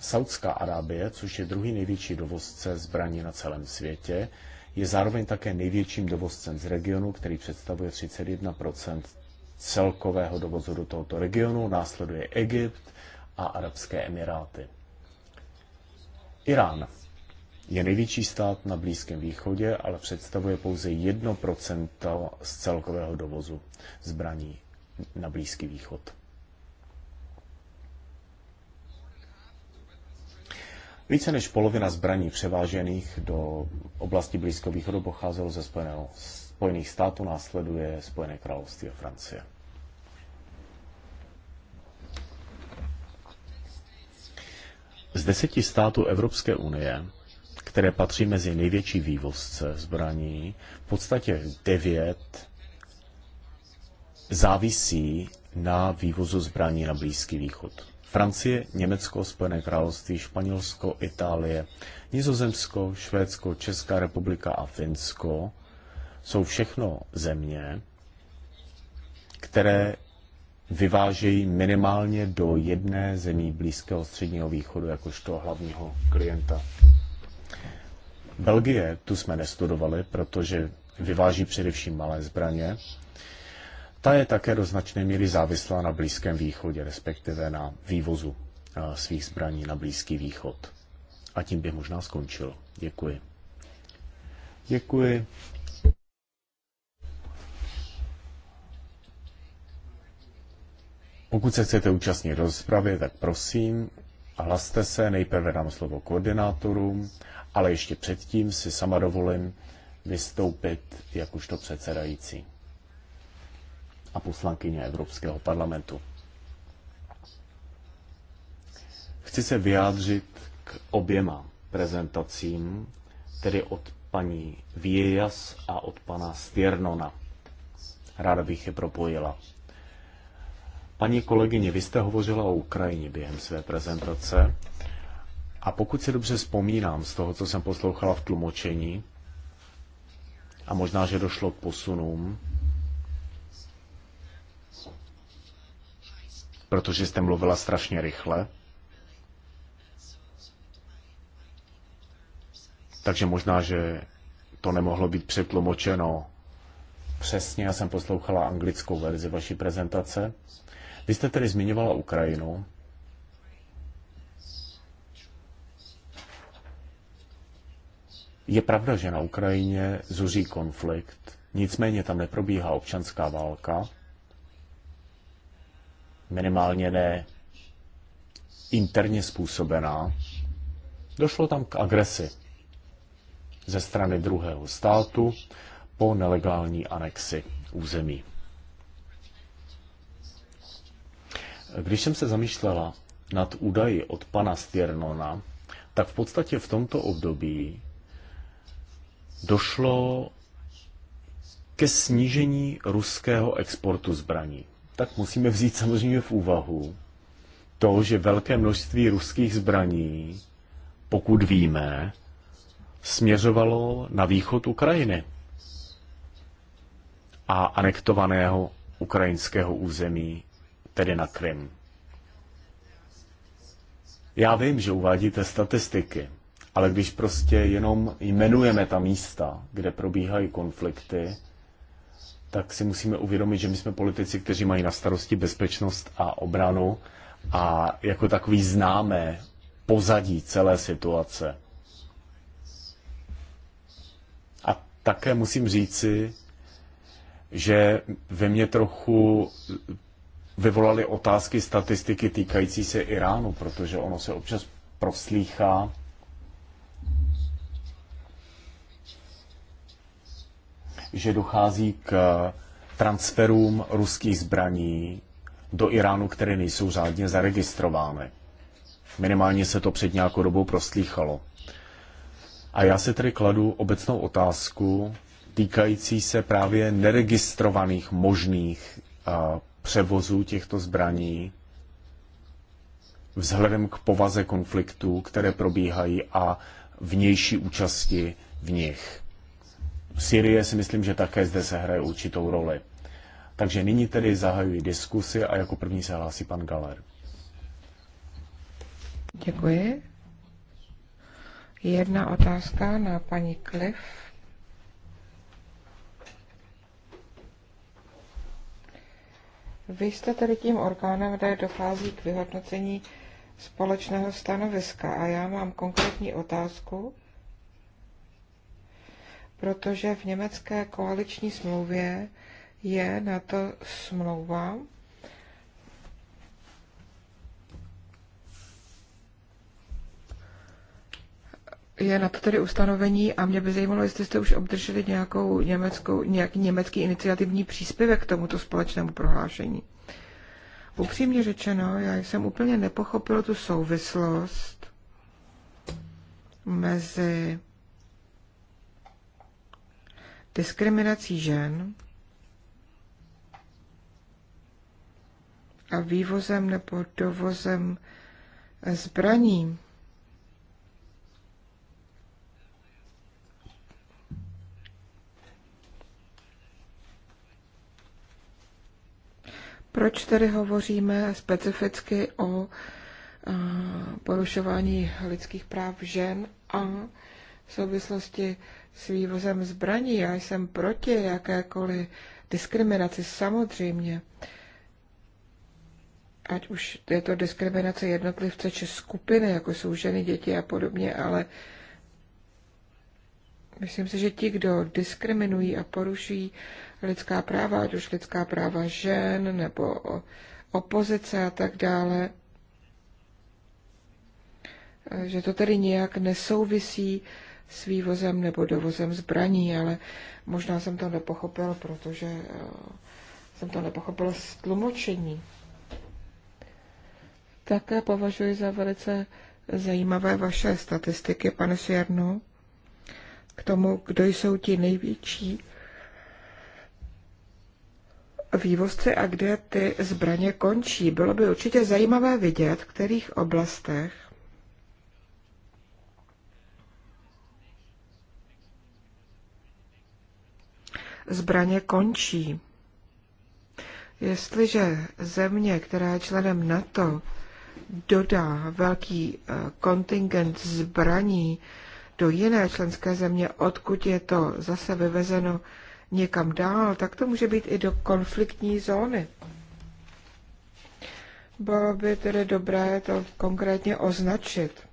Saudská Arábie, což je druhý největší dovozce zbraní na celém světě, je zároveň také největším dovozcem z regionu, který představuje 31 celkového dovozu do tohoto regionu. Následuje Egypt a Arabské Emiráty. Irán je největší stát na Blízkém východě, ale představuje pouze 1 z celkového dovozu zbraní na Blízký východ. Více než polovina zbraní převážených do oblasti Blízkého východu pocházelo ze Spojeného, Spojených států, následuje Spojené království a Francie. Z deseti států Evropské unie, které patří mezi největší vývozce zbraní, v podstatě devět závisí na vývozu zbraní na Blízký východ. Francie, Německo, Spojené království, Španělsko, Itálie, Nizozemsko, Švédsko, Česká republika a Finsko jsou všechno země, které vyvážejí minimálně do jedné zemí Blízkého středního východu jakožto hlavního klienta. Belgie, tu jsme nestudovali, protože vyváží především malé zbraně, ta je také do značné míry závislá na Blízkém východě, respektive na vývozu eh, svých zbraní na Blízký východ. A tím by možná skončil. Děkuji. Děkuji. Pokud se chcete účastnit rozpravy, tak prosím, hlaste se, nejprve dám slovo koordinátorům, ale ještě předtím si sama dovolím vystoupit jakožto předsedající a poslankyně Evropského parlamentu. Chci se vyjádřit k oběma prezentacím, tedy od paní Viejas a od pana Stiernona. Ráda bych je propojila. Paní kolegyně, vy jste hovořila o Ukrajině během své prezentace a pokud si dobře vzpomínám z toho, co jsem poslouchala v tlumočení, a možná, že došlo k posunům, protože jste mluvila strašně rychle. Takže možná, že to nemohlo být přetlumočeno přesně. Já jsem poslouchala anglickou verzi vaší prezentace. Vy jste tedy zmiňovala Ukrajinu. Je pravda, že na Ukrajině zuří konflikt, nicméně tam neprobíhá občanská válka minimálně ne interně způsobená, došlo tam k agresi ze strany druhého státu po nelegální anexi území. Když jsem se zamýšlela nad údaji od pana Stiernona, tak v podstatě v tomto období došlo ke snížení ruského exportu zbraní tak musíme vzít samozřejmě v úvahu to, že velké množství ruských zbraní, pokud víme, směřovalo na východ Ukrajiny a anektovaného ukrajinského území, tedy na Krym. Já vím, že uvádíte statistiky, ale když prostě jenom jmenujeme ta místa, kde probíhají konflikty, tak si musíme uvědomit, že my jsme politici, kteří mají na starosti bezpečnost a obranu a jako takový známe pozadí celé situace. A také musím říci, že ve mně trochu vyvolaly otázky statistiky týkající se Iránu, protože ono se občas proslýchá, že dochází k transferům ruských zbraní do Iránu, které nejsou řádně zaregistrovány. Minimálně se to před nějakou dobou proslýchalo. A já se tedy kladu obecnou otázku týkající se právě neregistrovaných možných a, eh, převozů těchto zbraní vzhledem k povaze konfliktů, které probíhají a vnější účasti v nich. Syrie si myslím, že také zde se hraje určitou roli. Takže nyní tedy zahajuji diskusi a jako první se hlásí pan Galer. Děkuji. Jedna otázka na paní Cliff. Vy jste tedy tím orgánem, kde dochází k vyhodnocení společného stanoviska a já mám konkrétní otázku protože v německé koaliční smlouvě je na to smlouva, je na to tedy ustanovení a mě by zajímalo, jestli jste už obdrželi nějakou německou, nějaký německý iniciativní příspěvek k tomuto společnému prohlášení. Upřímně řečeno, já jsem úplně nepochopil tu souvislost mezi diskriminací žen a vývozem nebo dovozem zbraní. Proč tedy hovoříme specificky o eh, porušování lidských práv žen a v souvislosti s vývozem zbraní. Já jsem proti jakékoliv diskriminaci, samozřejmě. Ať už je to diskriminace jednotlivce či skupiny, jako jsou ženy, děti a podobně, ale myslím si, že ti, kdo diskriminují a porušují lidská práva, ať už lidská práva žen nebo opozice a tak dále, že to tedy nějak nesouvisí s vývozem nebo dovozem zbraní, ale možná jsem to nepochopil, protože eh, jsem to nepochopil z tlumočení. Také považuji za velice zajímavé vaše statistiky, pane Sjerno, k tomu, kdo jsou ti největší vývozci a kde ty zbraně končí. Bylo by určitě zajímavé vidět, v kterých oblastech zbraně končí. Jestliže země, která je členem NATO, dodá velký eh, kontingent zbraní do jiné členské země, odkud je to zase vyvezeno někam dál, tak to může být i do konfliktní zóny. Bylo by tedy dobré to konkrétně označit,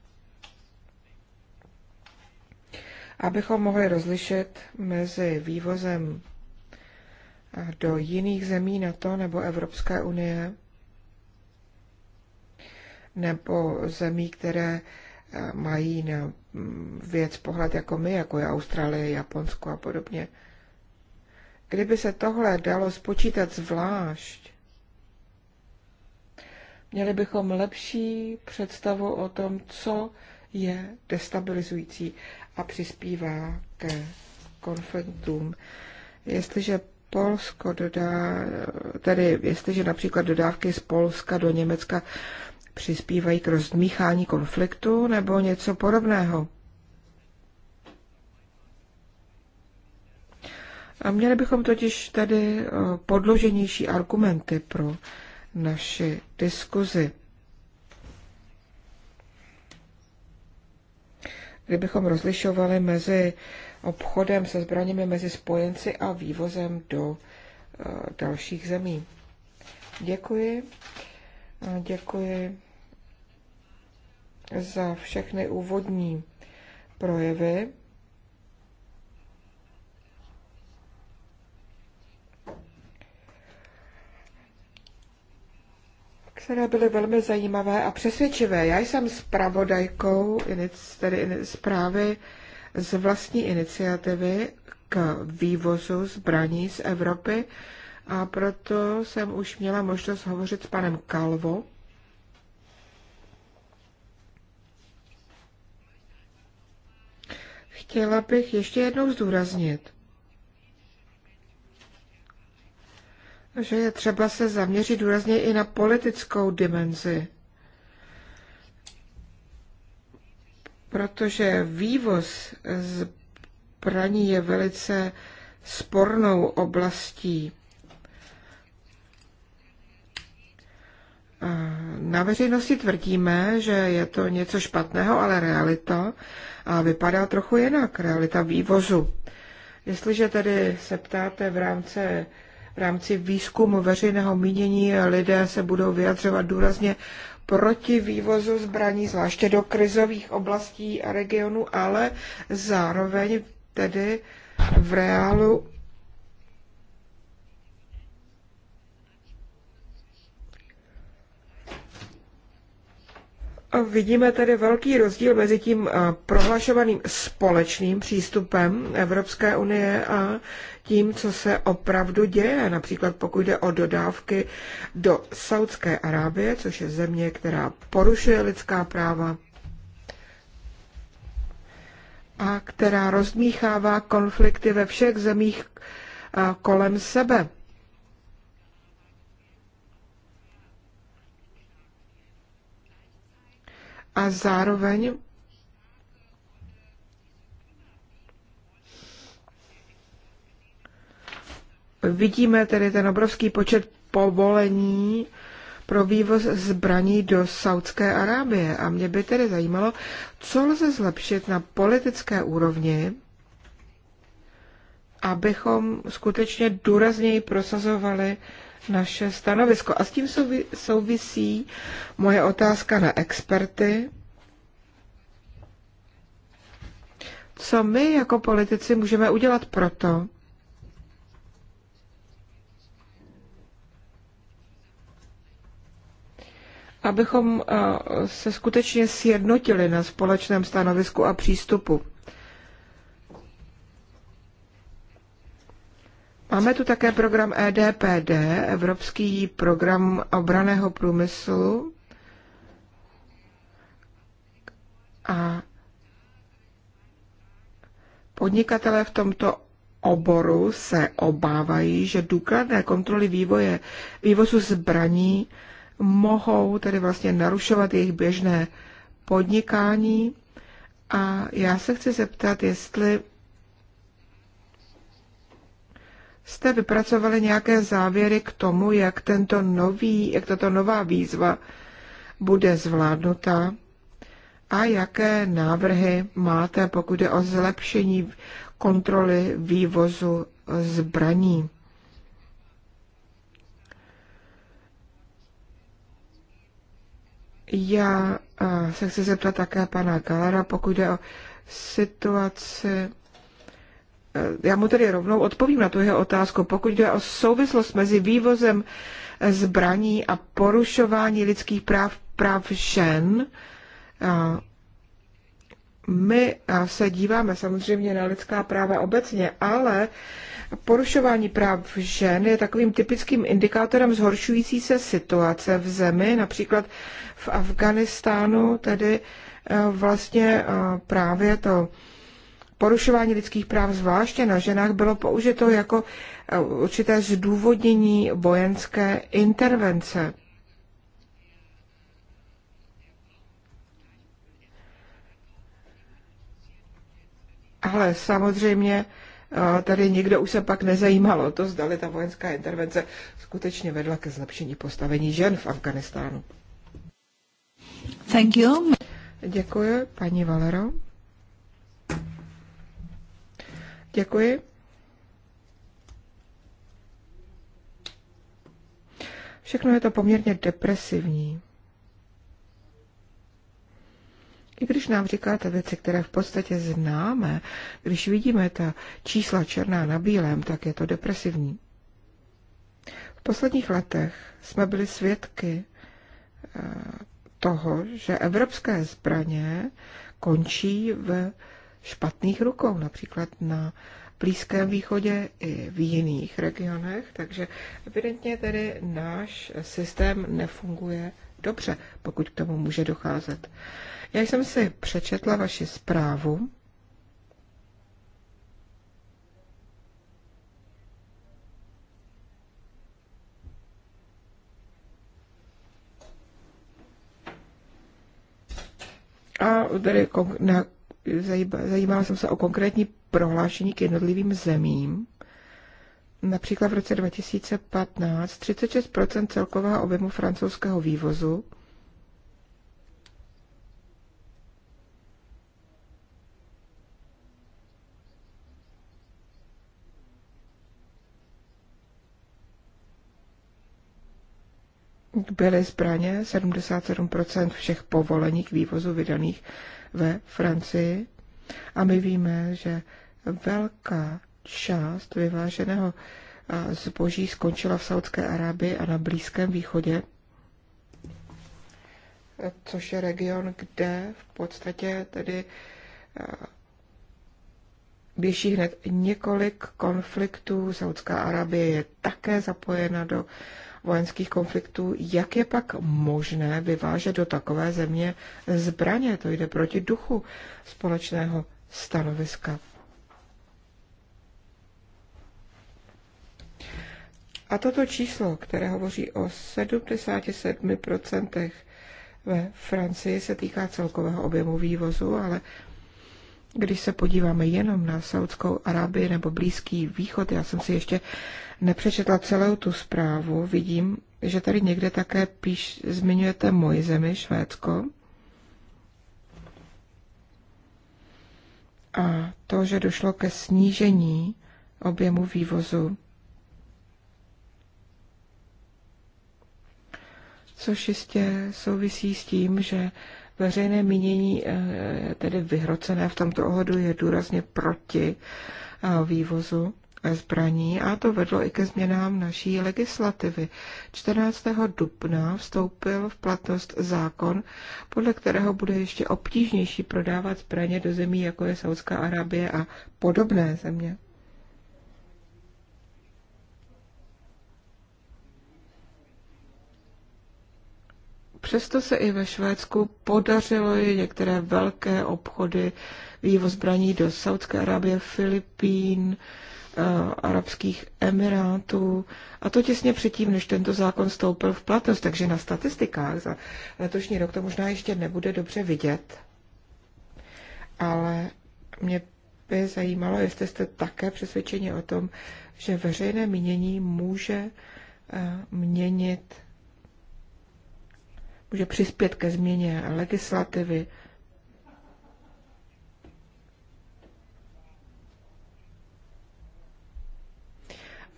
abychom mohli rozlišit mezi vývozem do jiných zemí NATO nebo Evropské unie nebo zemí, které eh, mají na mm, věc pohled jako my, jako je Austrálie, Japonsko a podobně. Kdyby se tohle dalo spočítat zvlášť, měli bychom lepší představu o tom, co je destabilizující a přispívá ke konfliktům. Jestliže Polsko dodá, tedy jestliže například dodávky z Polska do Německa přispívají k rozmíchání konfliktu nebo něco podobného. A měli bychom totiž tady eh, podloženější argumenty pro naši diskuzi. Kdybychom rozlišovali mezi obchodem se zbraněmi mezi spojenci a vývozem do eh, dalších zemí. Děkuji. Děkuji za všechny úvodní projevy. které byly velmi zajímavé a přesvědčivé. Já jsem s pravodajkou, tedy zprávy z vlastní iniciativy k vývozu zbraní z Evropy a proto jsem už měla možnost hovořit s panem Kalvo. Chtěla bych ještě jednou zdůraznit, že je třeba se zaměřit důrazně i na politickou dimenzi protože vývoz zbraní je velice spornou oblastí. Na veřejnosti tvrdíme, že je to něco špatného, ale realita a vypadá trochu jinak, realita vývozu. Jestliže tedy se ptáte v rámci, v rámci výzkumu veřejného mínění, lidé se budou vyjadřovat důrazně proti vývozu zbraní, zvláště do krizových oblastí a regionů, ale zároveň tedy v reálu Vidíme tady velký rozdíl mezi tím eh, prohlašovaným společným přístupem Evropské unie a tím, co se opravdu děje. Například pokud jde o dodávky do Saudské Arábie, což je země, která porušuje lidská práva a která rozmíchává konflikty ve všech zemích eh, kolem sebe. a zároveň vidíme tedy ten obrovský počet povolení pro vývoz zbraní do Saudské Arábie. A mě by tedy zajímalo, co lze zlepšit na politické úrovni, abychom skutečně důrazněji prosazovali naše stanovisko. A s tím souvisí moje otázka na experty. Co my jako politici můžeme udělat proto, abychom eh, se skutečně sjednotili na společném stanovisku a přístupu. Máme tu také program EDPD, Evropský program obraného průmyslu. A podnikatelé v tomto oboru se obávají, že důkladné kontroly vývoje, vývozu zbraní mohou tedy vlastně narušovat jejich běžné podnikání. A já se chci zeptat, jestli jste vypracovali nějaké závěry k tomu, jak, tento nový, jak tato nová výzva bude zvládnuta a jaké návrhy máte, pokud je o zlepšení kontroly vývozu zbraní. Já eh, se chci zeptat také pana Galera, pokud je o situaci Eh, já mu tedy rovnou odpovím na tu jeho otázku. Pokud jde o souvislost mezi vývozem eh, zbraní a porušování lidských práv, práv žen, eh, my se díváme samozřejmě na lidská práva obecně, ale porušování práv žen je takovým typickým indikátorem zhoršující se situace v zemi, například v Afganistánu, tedy vlastně právě to porušování lidských práv, zvláště na ženách, bylo použito jako eh, určité zdůvodnění vojenské intervence. Ale samozřejmě eh, tady nikdo už se pak nezajímalo to, zdali ta vojenská intervence skutečně vedla ke zlepšení postavení žen v Afganistánu. Thank you. Děkuji, paní Valero. Děkuji. Všechno je to poměrně depresivní. I když nám říkáte věci, které v podstatě známe, když vidíme ta čísla černá na bílém, tak je to depresivní. V posledních letech jsme byli svědky eh, toho, že evropské zbraně končí v špatných rukou, například na Blízkém východě i v jiných regionech, takže evidentně tedy náš systém nefunguje dobře, pokud k tomu může docházet. Já jsem si přečetla vaši zprávu. A tedy na zajímala jsem se o konkrétní prohlášení k jednotlivým zemím. Například v roce 2015 36 celkového objemu francouzského vývozu byly zbraně, 77% všech povolení k vývozu vydaných ve Francii. A my víme, že velká část vyváženého zboží skončila v Saudské Arábii a na Blízkém východě, což je region, kde v podstatě tedy běží hned několik konfliktů. Saudská Arábie je také zapojena do vojenských konfliktů, jak je pak možné vyvážet do takové země zbraně? To jde proti duchu společného stanoviska. A toto číslo, které hovoří o 77% ve Francii, se týká celkového objemu vývozu, ale když se podíváme jenom na Saudskou Arábii nebo Blízký východ, já jsem si ještě nepřečetla celou tu zprávu, vidím, že tady někde také píš, zmiňujete moji zemi, Švédsko. A to, že došlo ke snížení objemu vývozu, což jistě souvisí s tím, že Veřejné mínění, eh, tedy vyhrocené v tomto ohledu, je důrazně proti eh, vývozu eh, zbraní a to vedlo i ke změnám naší legislativy. 14. dubna vstoupil v platnost zákon, podle kterého bude ještě obtížnější prodávat zbraně do zemí, jako je Saudská Arábie a podobné země. Přesto se i ve Švédsku podařilo i některé velké obchody, vývoz zbraní do Saudské Arábie, Filipín, eh, Arabských Emirátů. A to těsně předtím, než tento zákon stoupil v platnost. Takže na statistikách za letošní rok to možná ještě nebude dobře vidět. Ale mě by zajímalo, jestli jste také přesvědčeni o tom, že veřejné mínění může eh, měnit může přispět ke změně legislativy,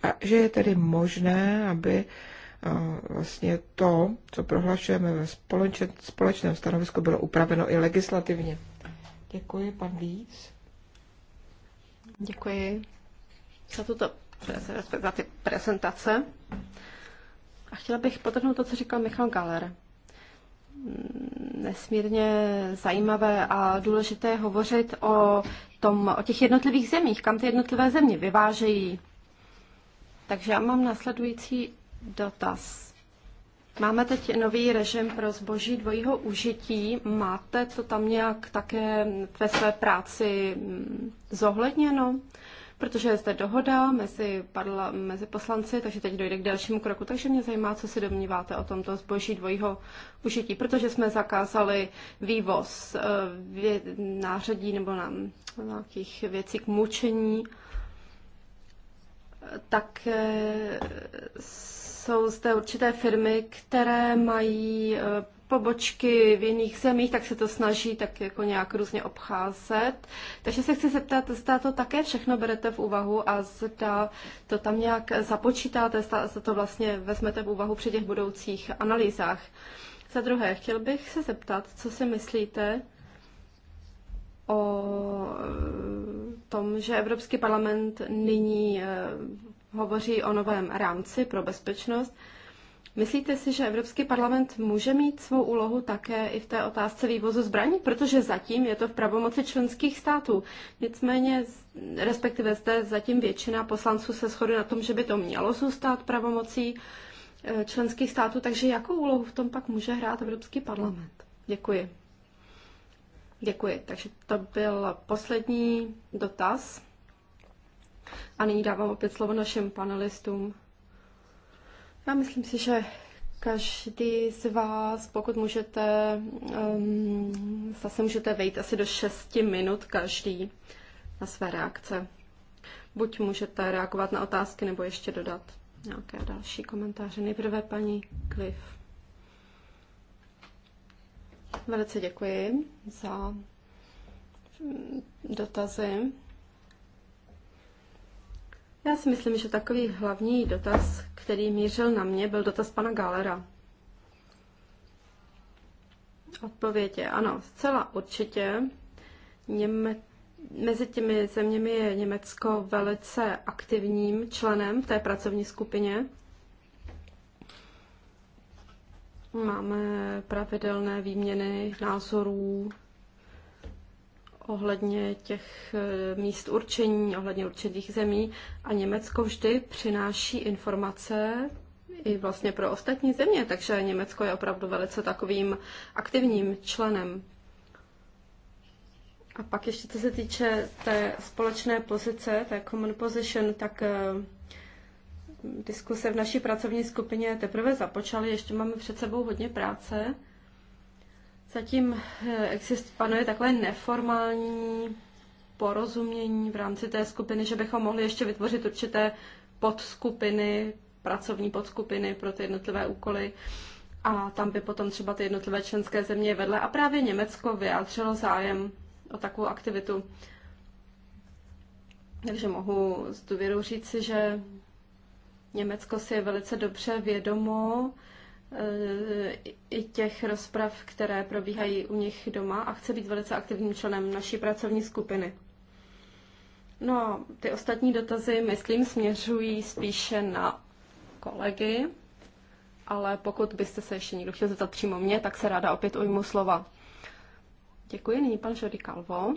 a že je tedy možné, aby eh, vlastně to, co prohlašujeme ve společném stanovisku, bylo upraveno i legislativně. Děkuji, pan Víc. Děkuji za tuto za ty prezentace. A chtěla bych potrhnout to, co říkal Michal Galer nesmírně zajímavé a důležité hovořit o, tom, o těch jednotlivých zemích, kam ty jednotlivé země vyvážejí. Takže já mám následující dotaz. Máme teď nový režim pro zboží dvojího užití. Máte to tam nějak také ve své práci mm, zohledněno? protože je zde dohoda mezi, parla, mezi poslanci, takže teď dojde k dalšímu kroku. Takže mě zajímá, co si domníváte o tomto zboží dvojího užití, protože jsme zakázali vývoz eh, vě, nářadí nebo na, nějakých věcí k mučení. Tak eh, jsou zde určité firmy, které mají eh, pobočky v jiných zemích, tak se to snaží tak jako nějak různě obcházet. Takže se chci zeptat, zda to také všechno berete v úvahu a zda to tam nějak započítáte, zda to vlastně vezmete v úvahu při těch budoucích analýzách. Za druhé, chtěl bych se zeptat, co si myslíte o eh, tom, že Evropský parlament nyní eh, hovoří o novém rámci pro bezpečnost, Myslíte si, že Evropský parlament může mít svou úlohu také i v té otázce vývozu zbraní? Protože zatím je to v pravomoci členských států. Nicméně, respektive zde zatím většina poslanců se shoduje na tom, že by to mělo zůstat pravomocí eh, členských států. Takže jakou úlohu v tom pak může hrát Evropský parlament? Děkuji. Děkuji. Takže to byl poslední dotaz. A nyní dávám opět slovo našim panelistům. Já myslím si, že každý z vás, pokud můžete, um, zase můžete vejít asi do 6 minut každý na své reakce. Buď můžete reagovat na otázky, nebo ještě dodat nějaké další komentáře. Nejprve paní Cliff. Velice děkuji za mm, dotazy. Já si myslím, že takový hlavní dotaz, který mířil na mě, byl dotaz pana Galera. Odpověď je ano, zcela určitě. Něme, mezi těmi zeměmi je Německo velice aktivním členem v té pracovní skupině. Máme pravidelné výměny názorů ohledně těch eh, míst určení, ohledně určitých zemí a Německo vždy přináší informace i vlastně pro ostatní země, takže Německo je opravdu velice takovým aktivním členem. A pak ještě co se týče té společné pozice, té common position, tak eh, diskuse v naší pracovní skupině teprve započaly, ještě máme před sebou hodně práce. Zatím eh, exist, panuje takové neformální porozumění v rámci té skupiny, že bychom mohli ještě vytvořit určité podskupiny, pracovní podskupiny pro ty jednotlivé úkoly a tam by potom třeba ty jednotlivé členské země vedle. A právě Německo vyjádřilo zájem o takovou aktivitu. Takže mohu s důvěrou říci, že Německo si je velice dobře vědomo i těch rozprav, které probíhají u nich doma a chce být velice aktivním členem naší pracovní skupiny. No, ty ostatní dotazy, myslím, směřují spíše na kolegy, ale pokud byste se ještě někdo chtěl zeptat přímo mě, tak se ráda opět ujmu slova. Děkuji, nyní pan Žody Kalvo.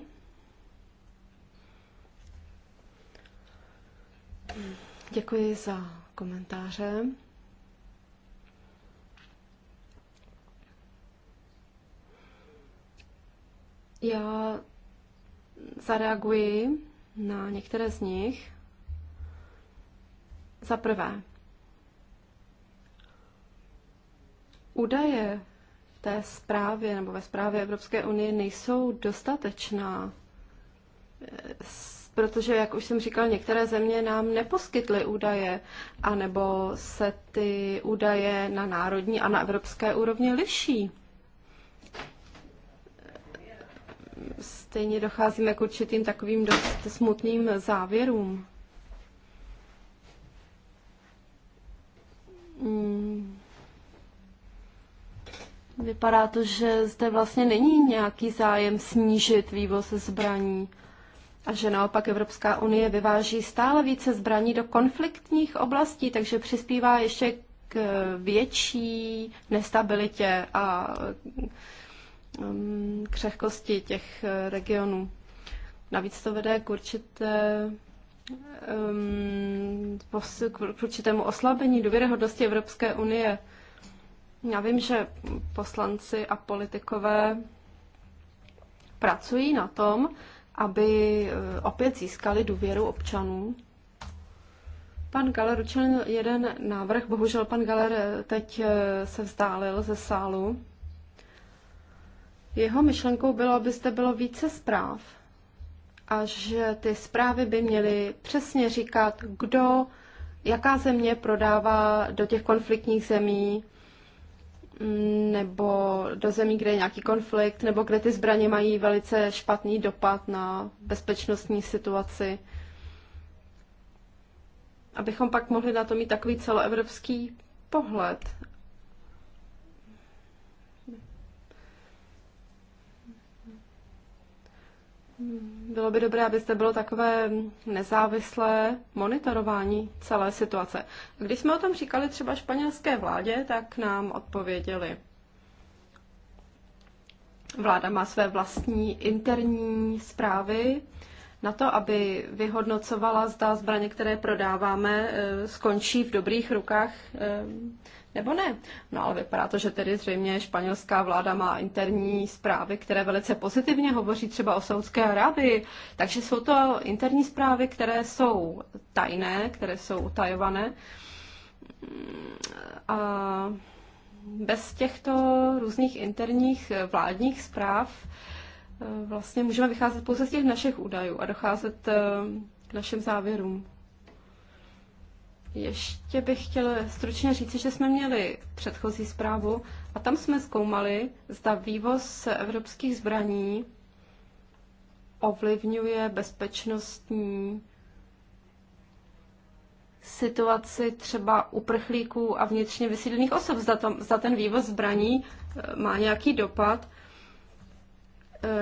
Děkuji za komentáře. Já zareaguji na některé z nich. Za prvé, údaje v té zprávě nebo ve zprávě Evropské unie nejsou dostatečná, eh, protože, jak už jsem říkal, některé země nám neposkytly údaje, anebo se ty údaje na národní a na evropské úrovni liší. stejně docházíme k určitým takovým dost smutným závěrům. Hmm. Vypadá to, že zde vlastně není nějaký zájem snížit vývoz zbraní a že naopak Evropská unie vyváží stále více zbraní do konfliktních oblastí, takže přispívá ještě k větší nestabilitě a Ehm, křehkosti těch eh, regionů. Navíc to vede k určité ehm, k určitému oslabení důvěryhodnosti Evropské unie. Já vím, že poslanci a politikové pracují na tom, aby eh, opět získali důvěru občanů. Pan Galer učil jeden návrh, bohužel pan Galer eh, teď se vzdálil ze sálu. Jeho myšlenkou bylo, abyste bylo více zpráv a že ty zprávy by měly přesně říkat, kdo, jaká země prodává do těch konfliktních zemí mm, nebo do zemí, kde je nějaký konflikt, nebo kde ty zbraně mají velice špatný dopad na bezpečnostní situaci. Abychom pak mohli na to mít takový celoevropský pohled bylo by dobré, abyste bylo takové nezávislé monitorování celé situace. Když jsme o tom říkali třeba španělské vládě, tak nám odpověděli. Vláda má své vlastní interní zprávy na to, aby vyhodnocovala, zda zbraně, které prodáváme, eh, skončí v dobrých rukách eh, nebo ne. No ale vypadá to, že tedy zřejmě španělská vláda má interní zprávy, které velice pozitivně hovoří třeba o Saudské Arábii. Takže jsou to interní zprávy, které jsou tajné, které jsou utajované. A bez těchto různých interních vládních zpráv eh, vlastně můžeme vycházet pouze z těch našich údajů a docházet eh, k našim závěrům. Ještě bych chtěla stručně říct, že jsme měli předchozí zprávu a tam jsme zkoumali, zda vývoz evropských zbraní ovlivňuje bezpečnostní situaci třeba uprchlíků a vnitřně vysídlených osob. Zda, tam, zda ten vývoz zbraní eh, má nějaký dopad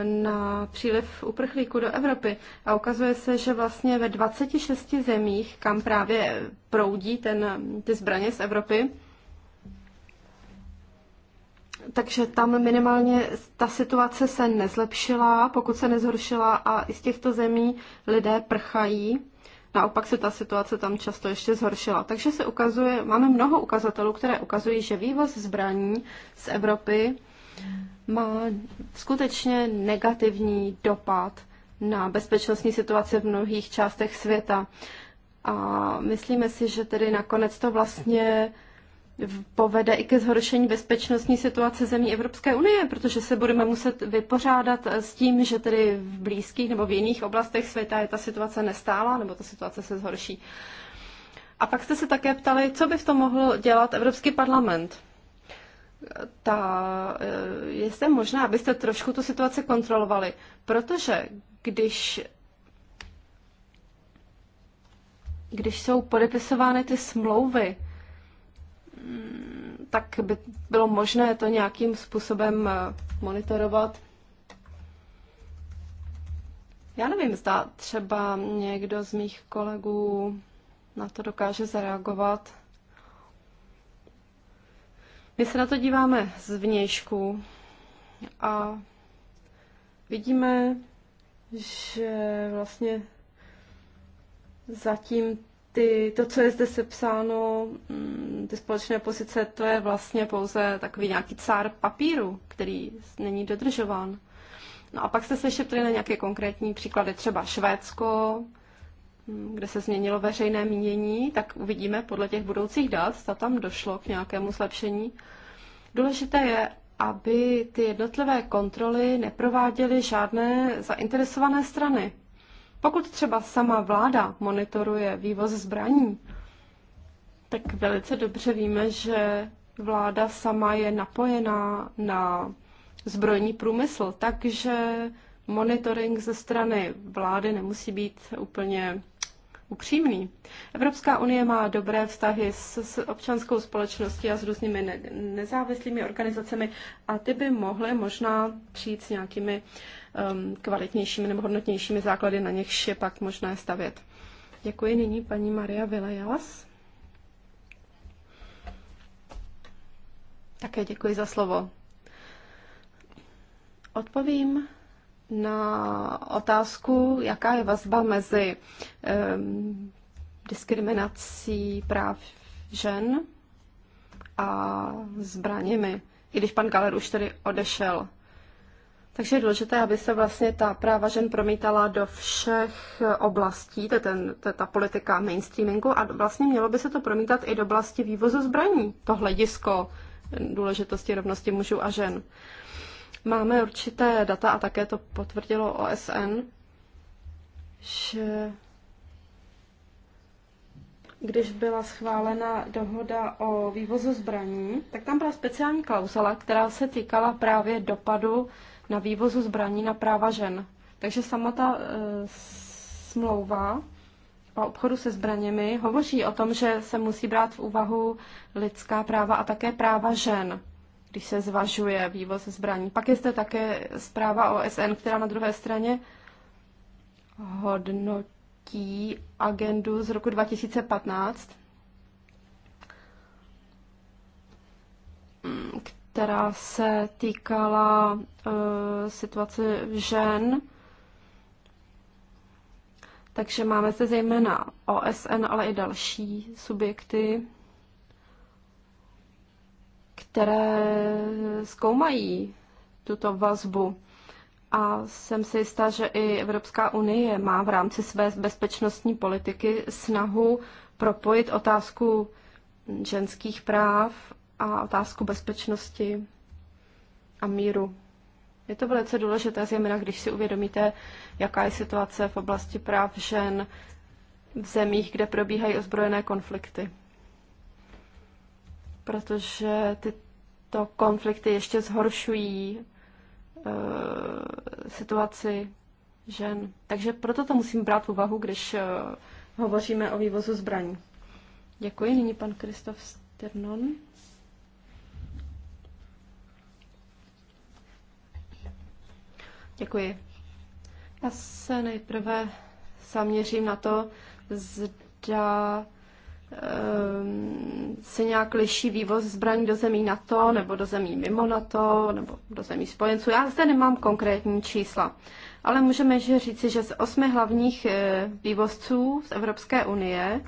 na příliv uprchlíků do Evropy a ukazuje se, že vlastně ve 26 zemích, kam právě proudí ten, ty zbraně z Evropy, takže tam minimálně ta situace se nezlepšila, pokud se nezhoršila a i z těchto zemí lidé prchají. Naopak se ta situace tam často ještě zhoršila. Takže se ukazuje, máme mnoho ukazatelů, které ukazují, že vývoz zbraní z Evropy má skutečně negativní dopad na bezpečnostní situaci v mnohých částech světa. A myslíme si, že tedy nakonec to vlastně povede i ke zhoršení bezpečnostní situace zemí Evropské unie, protože se budeme muset vypořádat s tím, že tedy v blízkých nebo v jiných oblastech světa je ta situace nestála nebo ta situace se zhorší. A pak jste se také ptali, co by v tom mohl dělat Evropský parlament ta, eh, jestli možná, abyste trošku tu situaci kontrolovali, protože když když jsou podepisovány ty smlouvy, mm, tak by bylo možné to nějakým způsobem eh, monitorovat. Já nevím, zda třeba někdo z mých kolegů na to dokáže zareagovat. My se na to díváme z vnějšku a vidíme, že vlastně zatím ty, to, co je zde sepsáno, mm, ty společné pozice, to je vlastně pouze takový nějaký cár papíru, který není dodržován. No a pak jste se ještě ptali na nějaké konkrétní příklady, třeba Švédsko, kde se změnilo veřejné mínění, tak uvidíme podle těch budoucích dat, zda tam došlo k nějakému zlepšení. Důležité je, aby ty jednotlivé kontroly neprováděly žádné zainteresované strany. Pokud třeba sama vláda monitoruje vývoz zbraní, tak velice dobře víme, že vláda sama je napojená na zbrojní průmysl, takže monitoring ze strany vlády nemusí být úplně upřímný. Evropská unie má dobré vztahy s, s občanskou společností a s různými ne, nezávislými organizacemi a ty by mohly možná přijít s nějakými um, kvalitnějšími nebo hodnotnějšími základy, na nichž je pak možné stavět. Děkuji nyní paní Maria Vilajas. Také děkuji za slovo. Odpovím na otázku, jaká je vazba mezi um, diskriminací práv žen a zbraněmi, i když pan Galer už tedy odešel. Takže je důležité, aby se vlastně ta práva žen promítala do všech oblastí, to je, ten, to je ta politika mainstreamingu, a vlastně mělo by se to promítat i do oblasti vývozu zbraní, to hledisko důležitosti rovnosti mužů a žen. Máme určité data, a také to potvrdilo OSN, že když byla schválena dohoda o vývozu zbraní, tak tam byla speciální klauzula, která se týkala právě dopadu na vývozu zbraní na práva žen. Takže sama ta e, smlouva o obchodu se zbraněmi hovoří o tom, že se musí brát v úvahu lidská práva a také práva žen když se zvažuje vývoz zbraní. Pak je zde také zpráva OSN, která na druhé straně hodnotí agendu z roku 2015, která se týkala uh, situace žen. Takže máme se zejména OSN, ale i další subjekty které zkoumají tuto vazbu. A jsem si jistá, že i Evropská unie má v rámci své bezpečnostní politiky snahu propojit otázku ženských práv a otázku bezpečnosti a míru. Je to velice důležité, zejména když si uvědomíte, jaká je situace v oblasti práv žen v zemích, kde probíhají ozbrojené konflikty. Protože ty to konflikty ještě zhoršují eh, situaci žen. Takže proto to musím brát v úvahu, když eh, hovoříme o vývozu zbraní. Děkuji. Nyní pan Kristof Sternon. Děkuji. Já se nejprve zaměřím na to, zda Ehm, se nějak liší vývoz zbraní do zemí NATO nebo do zemí mimo NATO nebo do zemí spojenců. Já zde nemám konkrétní čísla, ale můžeme říci, že z osmi hlavních eh, vývozců z Evropské unie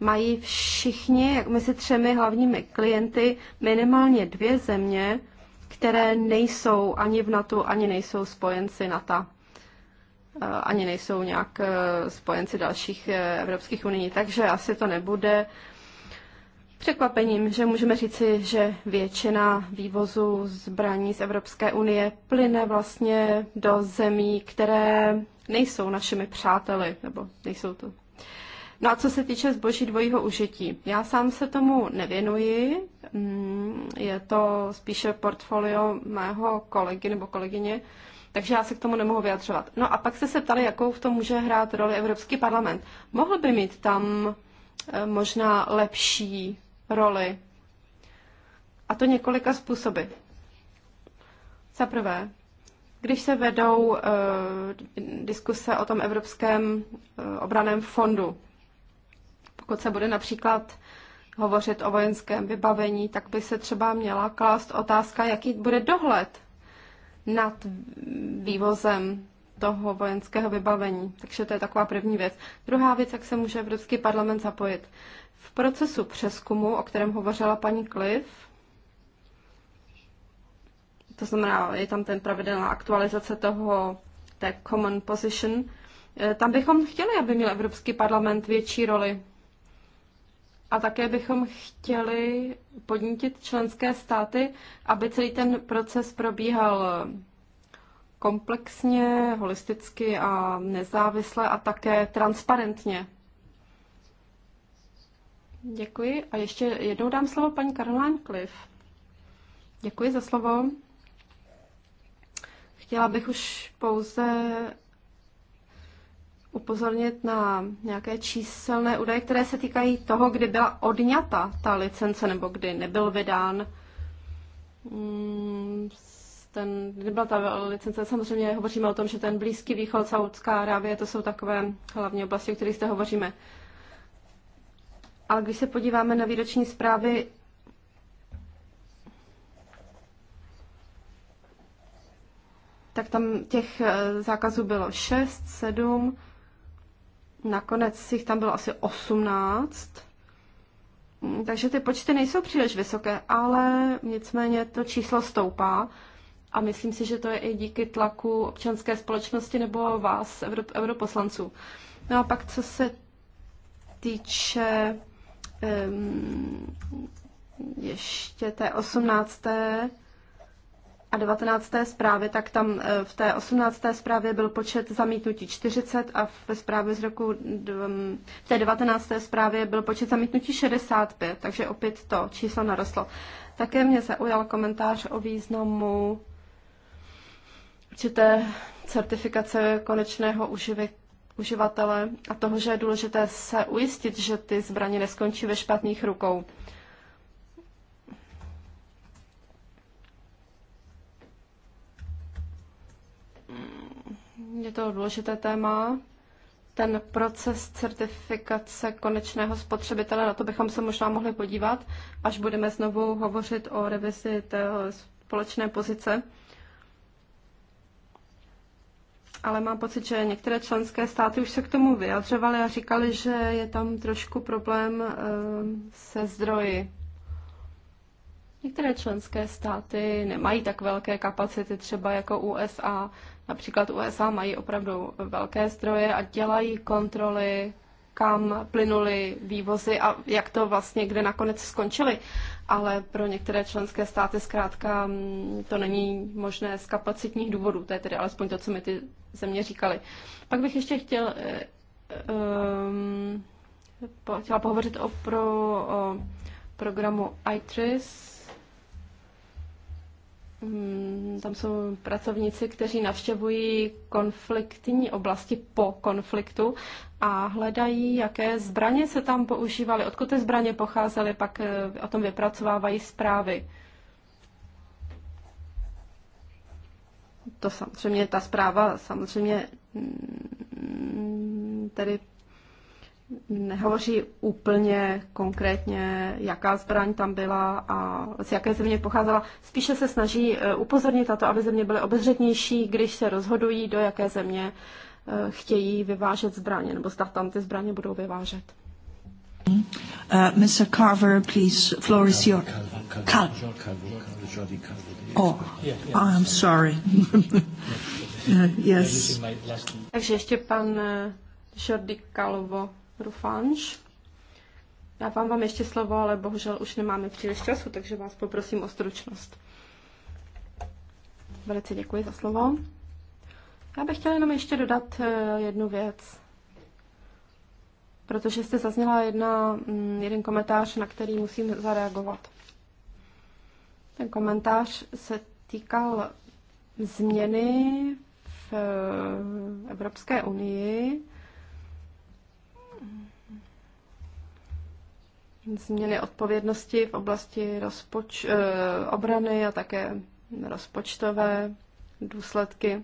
mají všichni, jak mezi třemi hlavními klienty, minimálně dvě země, které nejsou ani v NATO, ani nejsou spojenci NATO ani nejsou nějak e, spojenci dalších e, evropských unii, takže asi to nebude překvapením, že můžeme říci, že většina vývozu zbraní z Evropské unie plyne vlastně do zemí, které nejsou našimi přáteli, nebo nejsou to. No a co se týče zboží dvojího užití, já sám se tomu nevěnuji, mm, je to spíše portfolio mého kolegy nebo kolegyně, takže já se k tomu nemohu vyjadřovat. No a pak jste se ptali, jakou v tom může hrát roli Evropský parlament. Mohl by mít tam eh, možná lepší roli. A to několika způsoby. Za prvé, když se vedou uh, diskuse o tom Evropském uh, obraném fondu, pokud se bude například hovořit o vojenském vybavení, tak by se třeba měla klást otázka, jaký bude dohled nad vývozem toho vojenského vybavení. Takže to je taková první věc. Druhá věc, jak se může Evropský parlament zapojit. V procesu přeskumu, o kterém hovořila paní Cliff, to znamená, je tam ten pravidelná aktualizace toho, té common position, eh, tam bychom chtěli, aby měl Evropský parlament větší roli. A také bychom chtěli podnítit členské státy, aby celý ten proces probíhal komplexně, holisticky a nezávisle a také transparentně. Děkuji. A ještě jednou dám slovo paní Caroline Cliff. Děkuji za slovo. Chtěla bych už pouze upozornit na nějaké číselné údaje, které se týkají toho, kdy byla odňata ta licence nebo kdy nebyl vydán mm, ten, kdy byla ta licence. Samozřejmě hovoříme o tom, že ten Blízký východ, Saudská Arábie, to jsou takové hlavní oblasti, o kterých zde hovoříme. Ale když se podíváme na výroční zprávy tak tam těch eh, zákazů bylo 6, 7, Nakonec jich tam bylo asi 18. Takže ty počty nejsou příliš vysoké, ale nicméně to číslo stoupá. A myslím si, že to je i díky tlaku občanské společnosti nebo vás, europoslanců. No a pak, co se týče um, ještě té 18 a 19. zprávy, tak tam eh, v té 18. zprávě byl počet zamítnutí 40 a ve zprávě z roku, v té 19. zprávě byl počet zamítnutí 65, takže opět to číslo narostlo. Také mě zaujal komentář o významu určité certifikace konečného uživy, uživatele a toho, že je důležité se ujistit, že ty zbraně neskončí ve špatných rukou. Je to důležité téma. Ten proces certifikace konečného spotřebitele, na to bychom se možná mohli podívat, až budeme znovu hovořit o revizi té společné pozice. Ale mám pocit, že některé členské státy už se k tomu vyjadřovaly a říkali, že je tam trošku problém eh, se zdroji Některé členské státy nemají tak velké kapacity třeba jako USA. Například USA mají opravdu velké zdroje a dělají kontroly, kam plynuly vývozy a jak to vlastně, kde nakonec skončily. Ale pro některé členské státy zkrátka mm, to není možné z kapacitních důvodů. To je tedy alespoň to, co mi ty země říkali. Pak bych ještě chtěl, um, chtěla pohovořit o, pro, o programu ITRIS, Mm, tam jsou pracovníci, kteří navštěvují konfliktní oblasti po konfliktu a hledají, jaké zbraně se tam používaly, odkud ty zbraně pocházely, pak eh, o tom vypracovávají zprávy. To samozřejmě, ta zpráva samozřejmě mm, tedy nehovoří úplně konkrétně, jaká zbraň tam byla a z jaké země pocházela. Spíše se snaží eh, upozornit na to, aby země byly obezřetnější, když se rozhodují, do jaké země eh, chtějí vyvážet zbraně, nebo zda tam ty zbraně budou vyvážet. Uh, Mr. Carver, please, floor is your... Cal. Oh, I'm sorry. uh, yes. Takže ještě pan eh, Jordi Kalovo. Rufanš. Já vám vám ještě slovo, ale bohužel už nemáme příliš času, takže vás poprosím o stručnost. Velice děkuji za slovo. Já bych chtěla jenom ještě dodat eh, jednu věc. Protože jste zazněla jedna, mm, jeden komentář, na který musím zareagovat. Ten komentář se týkal změny v eh, Evropské unii změny odpovědnosti v oblasti rozpoč- eh, obrany a také rozpočtové důsledky.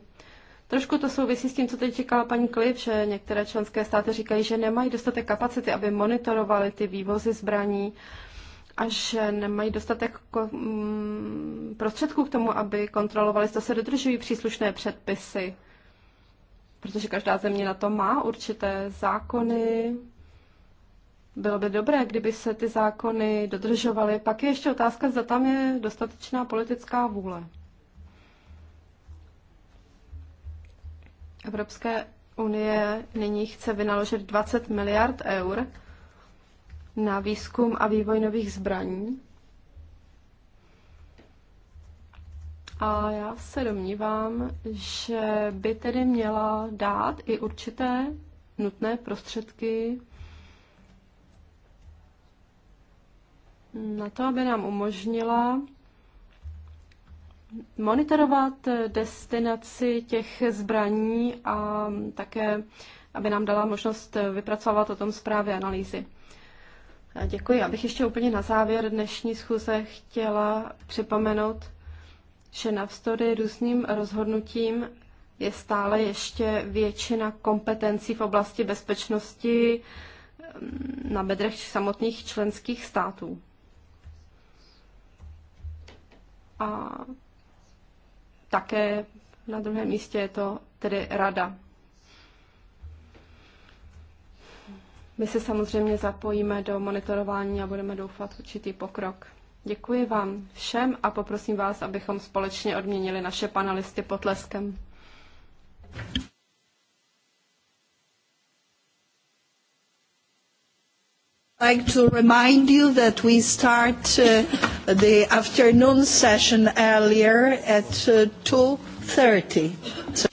Trošku to souvisí s tím, co teď říkala paní Klip, že některé členské státy říkají, že nemají dostatek kapacity, aby monitorovali ty vývozy zbraní a že nemají dostatek mm, prostředků k tomu, aby kontrolovali, zda se dodržují příslušné předpisy. Protože každá země na to má určité zákony, bylo by dobré, kdyby se ty zákony dodržovaly. Pak je ještě otázka, zda tam je dostatečná politická vůle. Evropské unie nyní chce vynaložit 20 miliard eur na výzkum a vývoj nových zbraní. A já se domnívám, že by tedy měla dát i určité nutné prostředky na to, aby nám umožnila monitorovat destinaci těch zbraní a také, aby nám dala možnost vypracovat o tom zprávy analýzy. Děkuji. Abych ještě úplně na závěr dnešní schůze chtěla připomenout, že navzdory různým rozhodnutím je stále ještě většina kompetencí v oblasti bezpečnosti mm, na bedrech samotných členských států. a také na druhém místě je to tedy rada. My se samozřejmě zapojíme do monitorování a budeme doufat určitý pokrok. Děkuji vám všem a poprosím vás, abychom společně odměnili naše panelisty potleskem. like to remind you that we start uh, the afternoon session earlier at uh, 2.30. So...